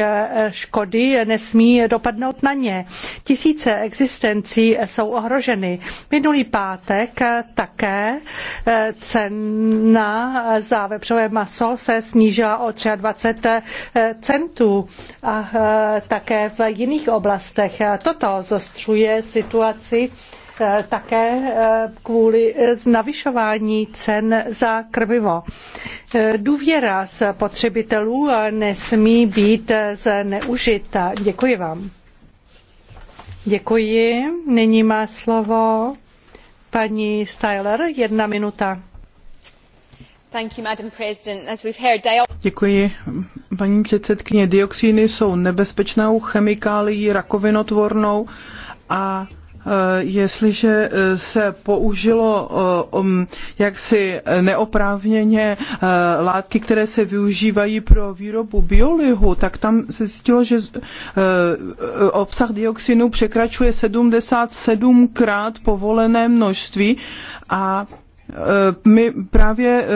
škody nesmí dopadnout na ně. Tisíce existencí jsou ohroženy. Minulý pátek také eh, cena za vepřové maso se snížila o 23 eh, centů a eh, také v jiných oblastech. Toto zostřuje situaci také kvůli navyšování cen za krmivo. Důvěra spotřebitelů nesmí být zneužita. Děkuji vám. Děkuji. Nyní má slovo Paní Styler, jedna minuta. Děkuji, paní předsedkyně. Dioxíny jsou nebezpečnou chemikálií rakovinotvornou a Eh, jestliže eh, se použilo eh, um, jaksi neoprávněně látky, které se využívají pro výrobu biolihu, tak tam se zjistilo, že obsah dioxinu překračuje 77 krát povolené množství a my právě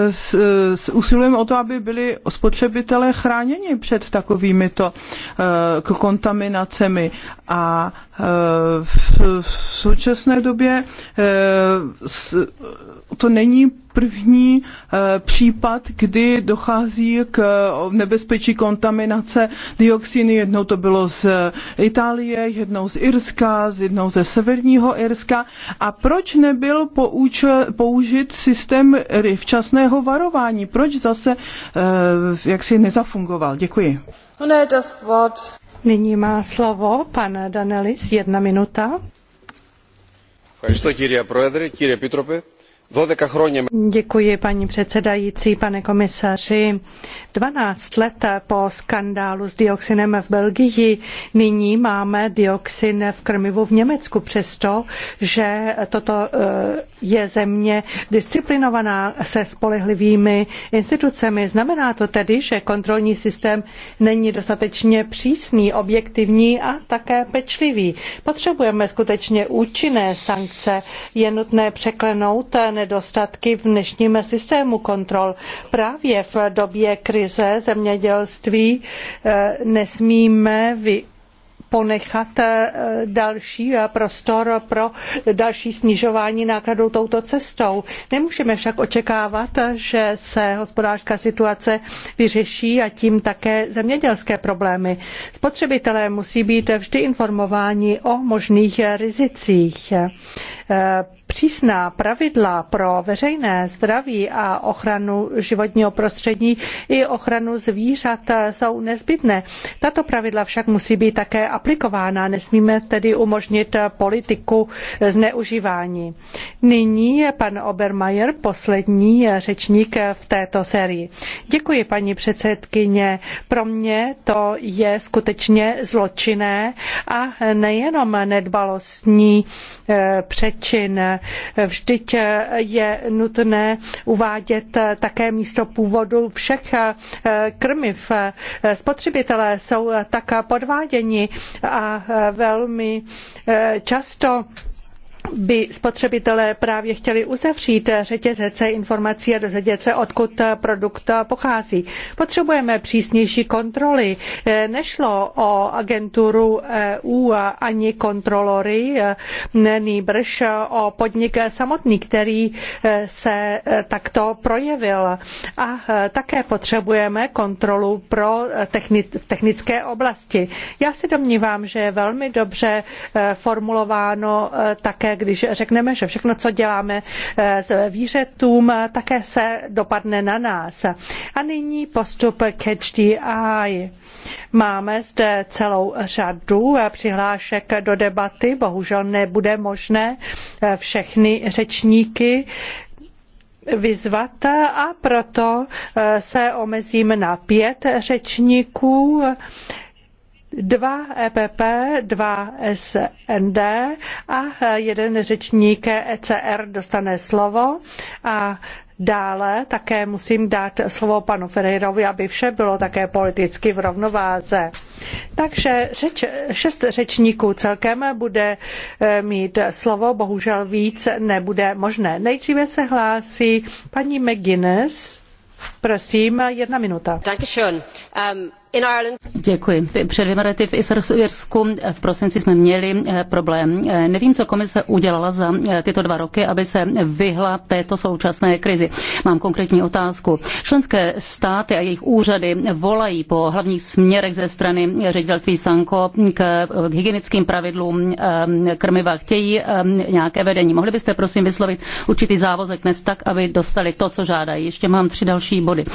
usilujeme o to, aby byli spotřebitelé chráněni před takovýmito kontaminacemi a Eh, v současné době eh, to není první eh, případ, kdy dochází k nebezpečí kontaminace dioxiny. Jednou to bylo z Itálie, jednou z Irska, jednou ze severního Irska. A proč nebyl použit systém včasného varování? Proč zase jak si nezafungoval? Děkuji. No das Wort Nyní má slovo pan Danelis, jedna minuta. Questo, chiede a proedere, chiede a pitrope. Děkuji, paní předsedající, pane komisaři. 12 let po skandálu s dioxinem v Belgii nyní máme dioxin v krmivu v Německu, přesto, že toto eh, je země disciplinovaná se spolehlivými institucemi. Znamená to tedy, že kontrolní systém není dostatečně přísný, objektivní a také pečlivý. Potřebujeme skutečně účinné sankce. Je nutné překlenout nedostatky v dnešním systému kontrol. Právě v době krize zemědělství eh, nesmíme vy ponechat eh, další eh, prostor pro další snižování nákladů touto cestou. Nemůžeme však očekávat, že se hospodářská situace vyřeší a tím také zemědělské problémy. Spotřebitelé musí být vždy informováni o možných rizicích přísná pravidla pro veřejné zdraví a ochranu životního prostředí i ochranu zvířat jsou nezbytné. Tato pravidla však musí být také aplikována, nesmíme tedy umožnit politiku zneužívání. Nyní je pan Obermayer, poslední řečník v této sérii. Děkuji, paní předsedkyně. Pro mě to je skutečně zločinné a nejenom nedbalostní eh, přečin. Vždyť je nutné uvádět také místo původu všech eh, krmiv. Spotřebitelé jsou tak podváděni a eh, velmi eh, často by spotřebitelé právě chtěli uzavřít řetězec informací a dozvědět se, odkud produkt pochází. Potřebujeme přísnější kontroly. Nešlo o agenturu EU ani kontrolory, nýbrž o podnik samotný, který se takto projevil. A také potřebujeme kontrolu pro technické oblasti. Já se domnívám, že je velmi dobře formulováno také když řekneme, že všechno, co děláme eh, s výřetům, eh, také se dopadne na nás. A nyní postup Catch the Eye. Máme zde celou řadu eh, přihlášek do debaty. Bohužel nebude možné všechny řečníky vyzvat a proto se omezím na pět řečníků dva EPP, dva SND a jeden řečník ECR dostane slovo a Dále také musím dát slovo panu Ferreirovi, aby vše bylo také politicky v rovnováze. Takže řeč, šest řečníků celkem bude eh, mít slovo, bohužel víc nebude možné. Nejdříve se hlásí paní McGuinness. Prosím, jedna minuta. Dankeschön. Um, in Ireland... Děkuji. Před dvěma lety v Irsku v prosinci jsme měli eh, problém. Eh, nevím, co komise udělala za eh, tyto dva roky, aby se vyhla této současné krizi. Mám konkrétní otázku. Členské státy a jejich úřady volají po hlavních směrech ze strany ředitelství Sanko k hygienickým pravidlům krmiva. Chtějí nějaké vedení. Mohli byste prosím vyslovit určitý závozek dnes tak, aby dostali to, co žádají. Ještě mám tři další body.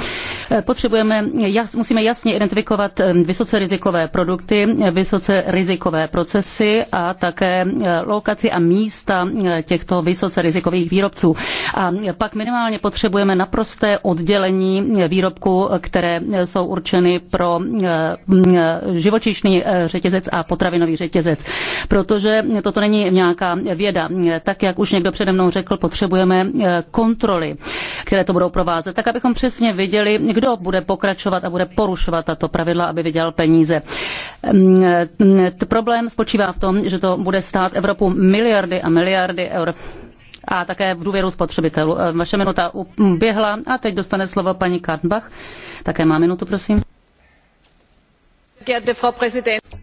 Potřebujeme, jas, musíme jasně identifikovat vysoce rizikové produkty, vysoce rizikové procesy a také eh, lokaci a místa eh, těchto vysoce rizikových výrobců. A pak minimálně potřebujeme naprosté oddělení výrobků, které eh, jsou určeny pro živočišný řetězec a potravinový řetězec. Protože toto není nějaká věda. Tak, jak už někdo přede mnou řekl, potřebujeme kontroly, které to budou provázet, tak abychom přesně věděli, kdo bude pokračovat a bude porušovat tato pravidla, aby viděli, vydělal peníze. Ehm, problém spočívá v tom, že to bude stát Evropu miliardy a miliardy eur a také v důvěru spotřebitelů. Ehm, vaše minuta uběhla a teď dostane slovo paní Karnbach. Také má minutu, prosím.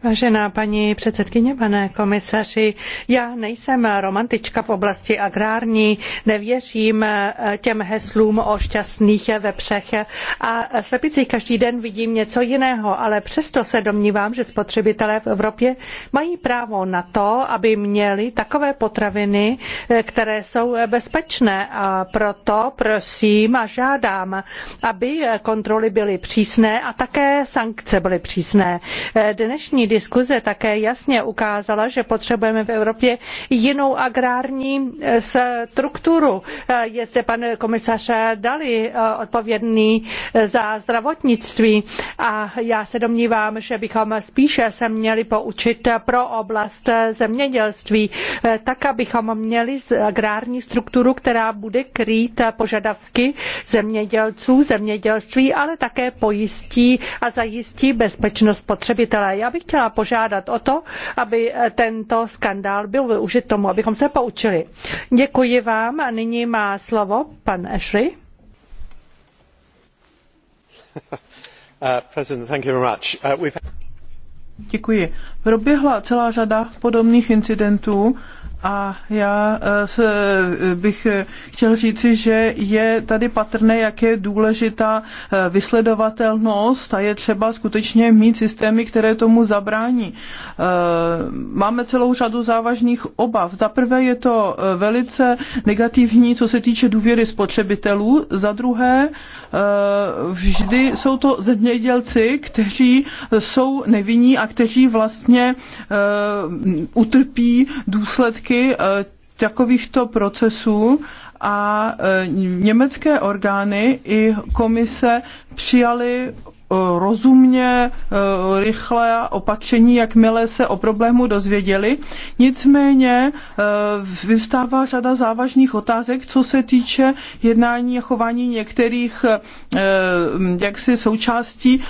Vážená paní předsedkyně, pane komisaři, já nejsem romantička v oblasti agrární, nevěřím eh, těm heslům o šťastných vepřech a slepicích každý den vidím něco jiného, ale přesto se domnívám, že spotřebitelé v Evropě mají právo na to, aby měli takové potraviny, eh, které jsou bezpečné a proto prosím a žádám, aby kontroly byly přísné a také sankce byly přísné možné. Eh, dnešní diskuze také jasně ukázala, že potřebujeme v Evropě jinou agrární eh, strukturu. Eh, je zde pan komisař Dali odpovědný za zdravotnictví a já se domnívám, že bychom spíše se měli poučit pro oblast zemědělství, tak abychom měli agrární strukturu, která bude krýt požadavky zemědělců, zemědělství, ale také pojistí a zajistí bezpečnost spotřebitele. Já bych chtěla požádat o to, aby tento skandál byl využit tomu, abychom se poučili. Děkuji vám a nyní má slovo pan Ashley. Uh, uh, Děkuji. Proběhla celá řada podobných incidentů a já e, e, bych e, chtěl říci, že je tady patrné, jak je důležitá vysledovatelnost a je třeba skutečně mít systémy, které tomu zabrání. Máme celou řadu závažných obav. Za prvé je to velice negativní, co se týče důvěry spotřebitelů. Za druhé, vždy jsou to zemědělci, kteří jsou nevinní a kteří vlastně utrpí důsledky účastníky eh, takovýchto procesů a eh, německé orgány i komise přijali eh, rozumně, rychle opatření, jakmile se o problému dozvěděli. Nicméně vystává řada závažných otázek, co se týče jednání a chování některých jaksi součástí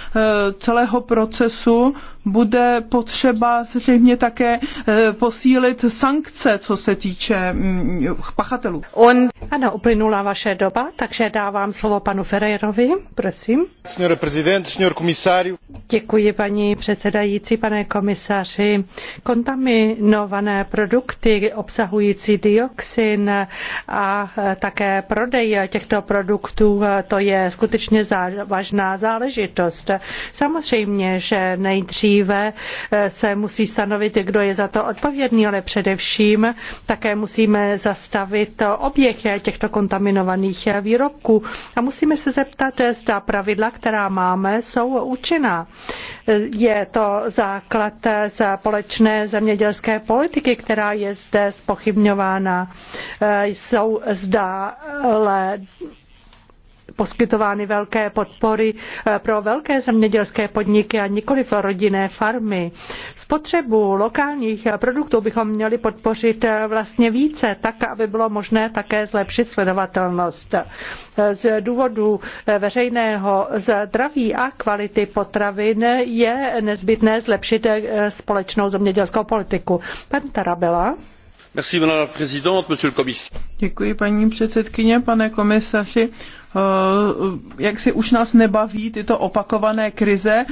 celého procesu, bude potřeba zřejmě také eh, posílit sankce, co se týče mm, pachatelů. On... Ano, uplynula vaše doba, takže dávám slovo panu Ferrerovi, prosím. Senhor prezident, senor komisáriu. Děkuji, paní předsedající, pane komisaři. Kontaminované produkty obsahující dioxin a také prodej těchto produktů, to je skutečně závažná záležitost. Samozřejmě, že nejdřív Nejdříve eh, se musí stanovit, kdo je za to odpovědný, ale především také musíme zastavit oběh těchto kontaminovaných výrobků a musíme se zeptat, zda pravidla, která máme, jsou účinná. Eh, je to základ společné zemědělské politiky, která je zde spochybňována. Eh, jsou zdále poskytovány velké podpory eh, pro velké zemědělské podniky a nikoli rodinné farmy. Spotřebu lokálních eh, produktů bychom měli podpořit eh, vlastně více, tak, aby bylo možné také zlepšit sledovatelnost. Z důvodu veřejného zdraví a kvality potravin je nezbytné zlepšit společnou zemědělskou politiku. Pan Tarabela. Děkuji paní předsedkyně, pane komisaři. Eh, jak si už nás nebaví tyto opakované krize. Eh,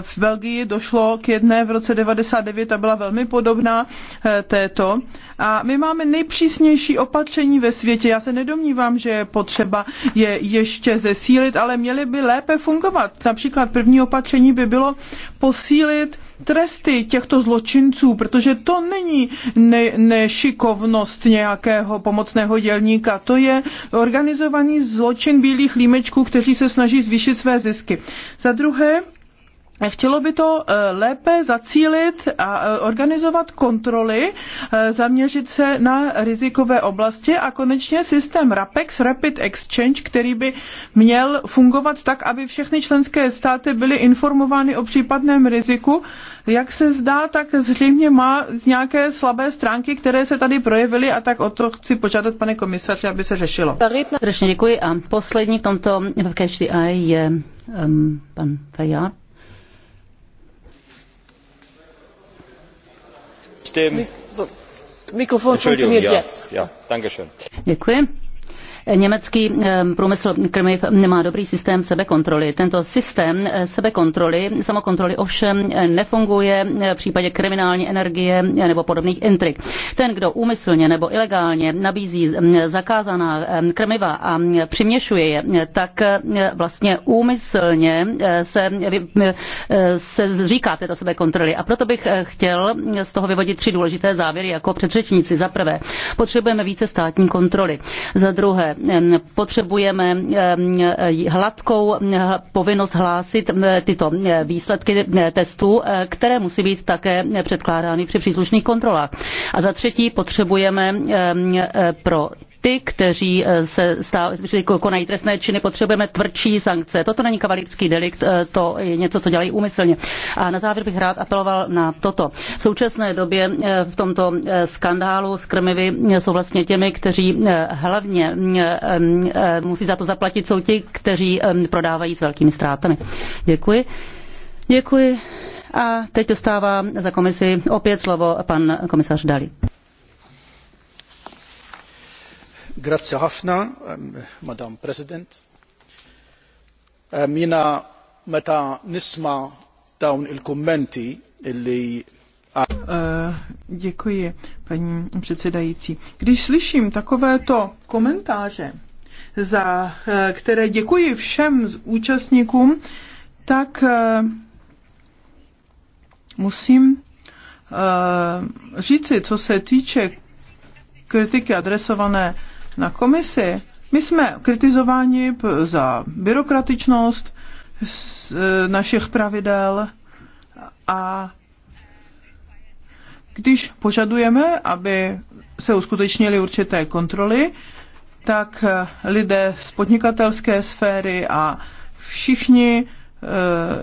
v Belgii došlo k jedné v roce 99 a byla velmi podobná eh, této. A my máme nejpřísnější opatření ve světě. Já se nedomnívám, že je potřeba je ještě zesílit, ale měly by lépe fungovat. Například první opatření by bylo posílit tresty těchto zločinců, protože to není ne- nešikovnost nějakého pomocného dělníka, to je organizovaný zločin bílých límečků, kteří se snaží zvýšit své zisky. Za druhé, Chtělo by to eh, lépe zacílit a eh, organizovat kontroly, eh, zaměřit se na rizikové oblasti a konečně systém RAPEX, Rapid Exchange, který by měl fungovat tak, aby všechny členské státy byly informovány o případném riziku. Jak se zdá, tak zřejmě má nějaké slabé stránky, které se tady projevily a tak o to chci požádat, pane komisaři, aby se řešilo. Srdečně děkuji a poslední v tomto v je um, pan Fajard. trotzdem Mikrofon Ja, danke schön. Německý eh, průmysl krmiv má dobrý systém sebekontroly. Tento systém eh, sebekontroly, samokontroly ovšem eh, nefunguje v případě kriminální energie nebo podobných intrik. Ten, kdo úmyslně nebo ilegálně nabízí zakázaná krmiva a přiměšuje je, tak vlastně úmyslně se, se zříká této sebekontroly. A proto bych chtěl z toho vyvodit tři důležité závěry jako předřečníci. Za prvé, potřebujeme více státní kontroly. Za druhé, potřebujeme eh, hladkou eh, povinnost hlásit eh, tyto výsledky testů, které musí být také předkládány při příslušných kontrolách. A za třetí potřebujeme pro ty, kteří eh, se stále, konají trestné činy, potřebujeme tvrdší sankce. Toto není kavalický delikt, eh, to je něco, co dělají úmyslně. A na závěr bych rád apeloval na toto. V současné době eh, v tomto skandálu s krmivy jsou vlastně těmi, kteří hlavně mm, mm, musí za to zaplatit, jsou ti, kteří mm, prodávají s velkými ztrátami. Děkuji. Děkuji. A teď dostává za komisi opět slovo pan komisař Dali. Grazzi um, Madam President. Um, meta nisma dawn il-kummenti illi eh, Děkuji, paní předsedající. Když slyším takovéto komentáře, za eh, které děkuji všem účastníkům, tak eh, musím říci, co se týče kritiky adresované na komisi. My jsme kritizováni za byrokratičnost e, našich pravidel a když požadujeme, aby se uskutečnily určité kontroly, tak e, lidé z podnikatelské sféry a všichni e,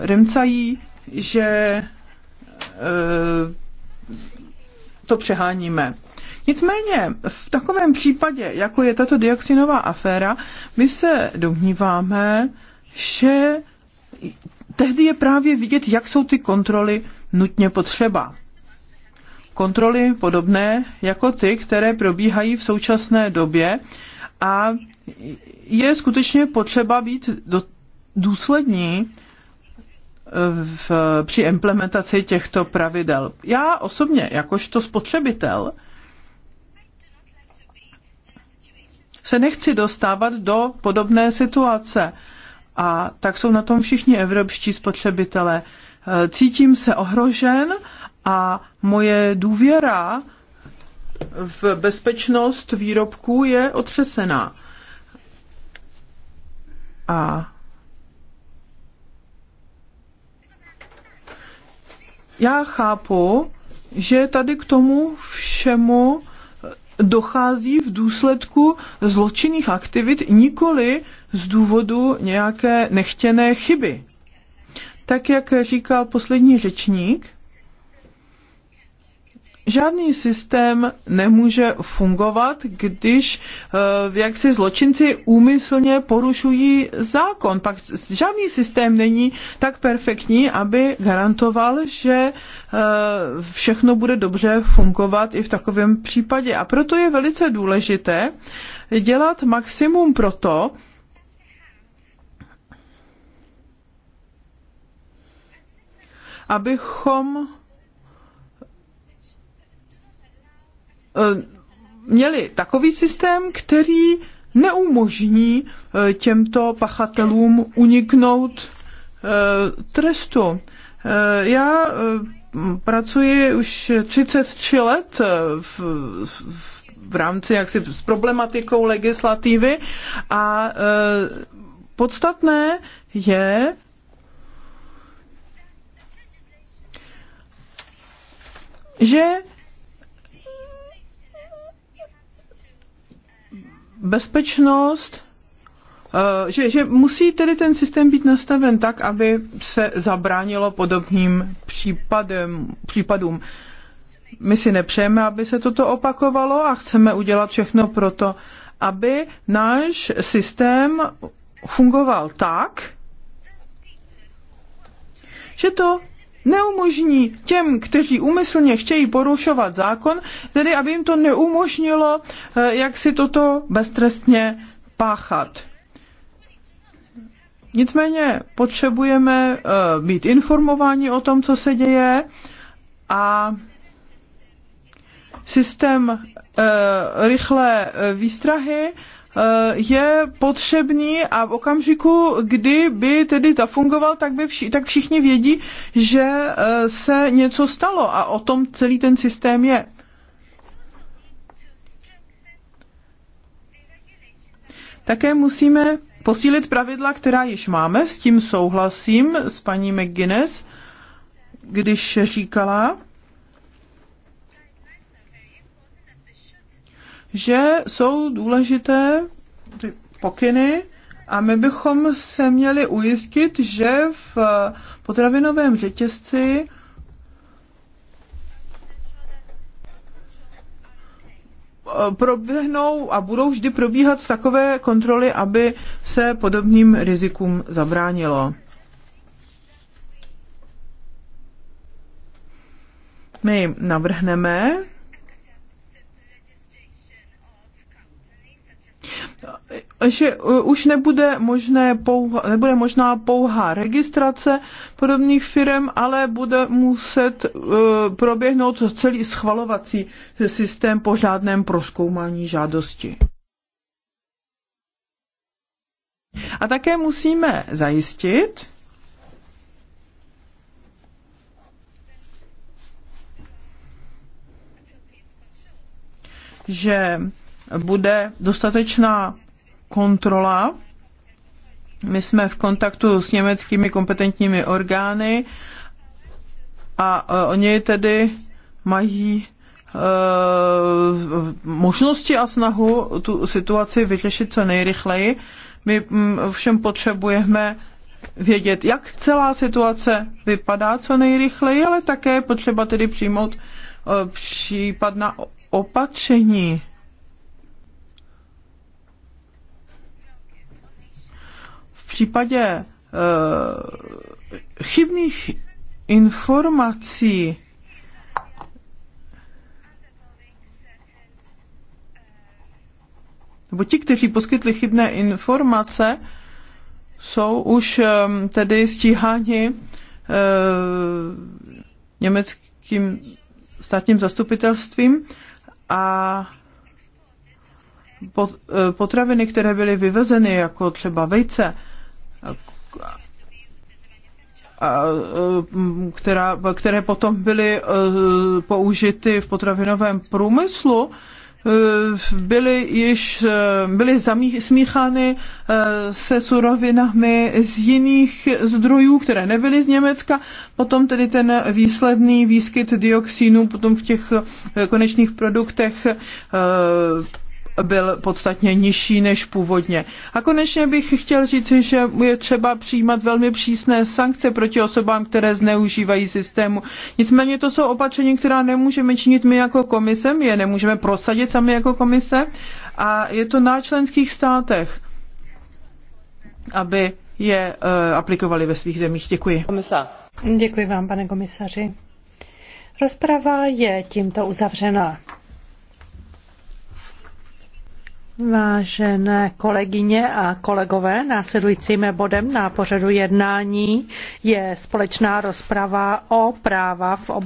remcají, že e, to přeháníme. Nicméně v takovém případě, jako je tato dioxinová aféra, my se domníváme, že tehdy je právě vidět, jak jsou ty kontroly nutně potřeba. Kontroly podobné jako ty, které probíhají v současné době a je skutečně potřeba být do, důslední eh, v, při implementaci těchto pravidel. Já osobně, jakožto spotřebitel, se nechci dostávat do podobné situace. A tak jsou na tom všichni evropští spotřebitelé. E, cítím se ohrožen a moje důvěra v bezpečnost výrobků je otřesená. A já chápu, že tady k tomu všemu dochází v důsledku zločinných aktivit, nikoli z důvodu nějaké nechtěné chyby. Tak, jak říkal poslední řečník, žádný systém nemůže fungovat, když eh, jak si zločinci úmyslně porušují zákon. Pak žádný systém není tak perfektní, aby garantoval, že eh, všechno bude dobře fungovat i v takovém případě. A proto je velice důležité dělat maximum pro to, abychom Eh, měli takový systém, který neumožní eh, těmto pachatelům uniknout eh, trestu. Já pracuji už 33 let v, v, v rámci jaksi s problematikou legislativy a podstatné je že bezpečnost, eh, že, že musí tedy ten systém být nastaven tak, aby se zabránilo podobným případem, případům. My si nepřejeme, aby se toto opakovalo a chceme udělat všechno pro to, aby náš systém fungoval tak, že to neumožní těm, kteří úmyslně chtějí porušovat zákon, tedy aby jim to neumožnilo, eh, jak si toto beztrestně páchat. Nicméně potřebujeme eh, být informováni o tom, co se děje a systém eh, rychlé výstrahy Eh, je potřebný a v okamžiku, kdy by tedy zafungoval, tak, by vši, tak všichni vědí, že eh, se něco stalo a o tom celý ten systém je. Také musíme posílit pravidla, která již máme, s tím souhlasím s paní McGuinness, když říkala, že jsou důležité pokyny a my bychom se měli ujistit, že v potravinovém řetězci proběhnou a budou vždy probíhat takové kontroly, aby se podobným rizikům zabránilo. My navrhneme že e, už nebude, možné pouha, nebude možná pouhá registrace podobných firm, ale bude muset e, proběhnout celý schvalovací systém po žádném proskoumání žádosti. A také musíme zajistit, že bude dostatečná kontrola. My jsme v kontaktu s německými kompetentními orgány a e, oni tedy mají e, možnosti a snahu tu situaci vyřešit co nejrychleji. My všem potřebujeme vědět, jak celá situace vypadá co nejrychleji, ale také potřeba tedy přijmout e, případná opatření. případě eh, chybných informací nebo ti, kteří poskytli chybné informace, jsou už ehm, tedy stíháni eh, německým státním zastupitelstvím a eh, potraviny, které byly vyvezeny, jako třeba vejce, která, které potom byly e, použity v potravinovém průmyslu, e, byly již e, byly smíchány se surovinami z jiných zdrojů, které nebyly z Německa. Potom tedy ten výsledný výskyt dioxínu potom v těch konečných produktech byl podstatně nižší než původně. A konečně bych chtěl říct, že je třeba přijímat velmi přísné sankce proti osobám, které zneužívají systému. Nicméně to jsou opatření, která nemůžeme činit my jako komise, my je nemůžeme prosadit sami jako komise a je to na členských státech, aby je eh, aplikovali ve svých zemích. Děkuji. Děkuji vám, pane komisaři. Rozprava je tímto uzavřena. Vážené kolegyně a kolegové, následujícím bodem na pořadu jednání je společná rozprava o práva v oblasti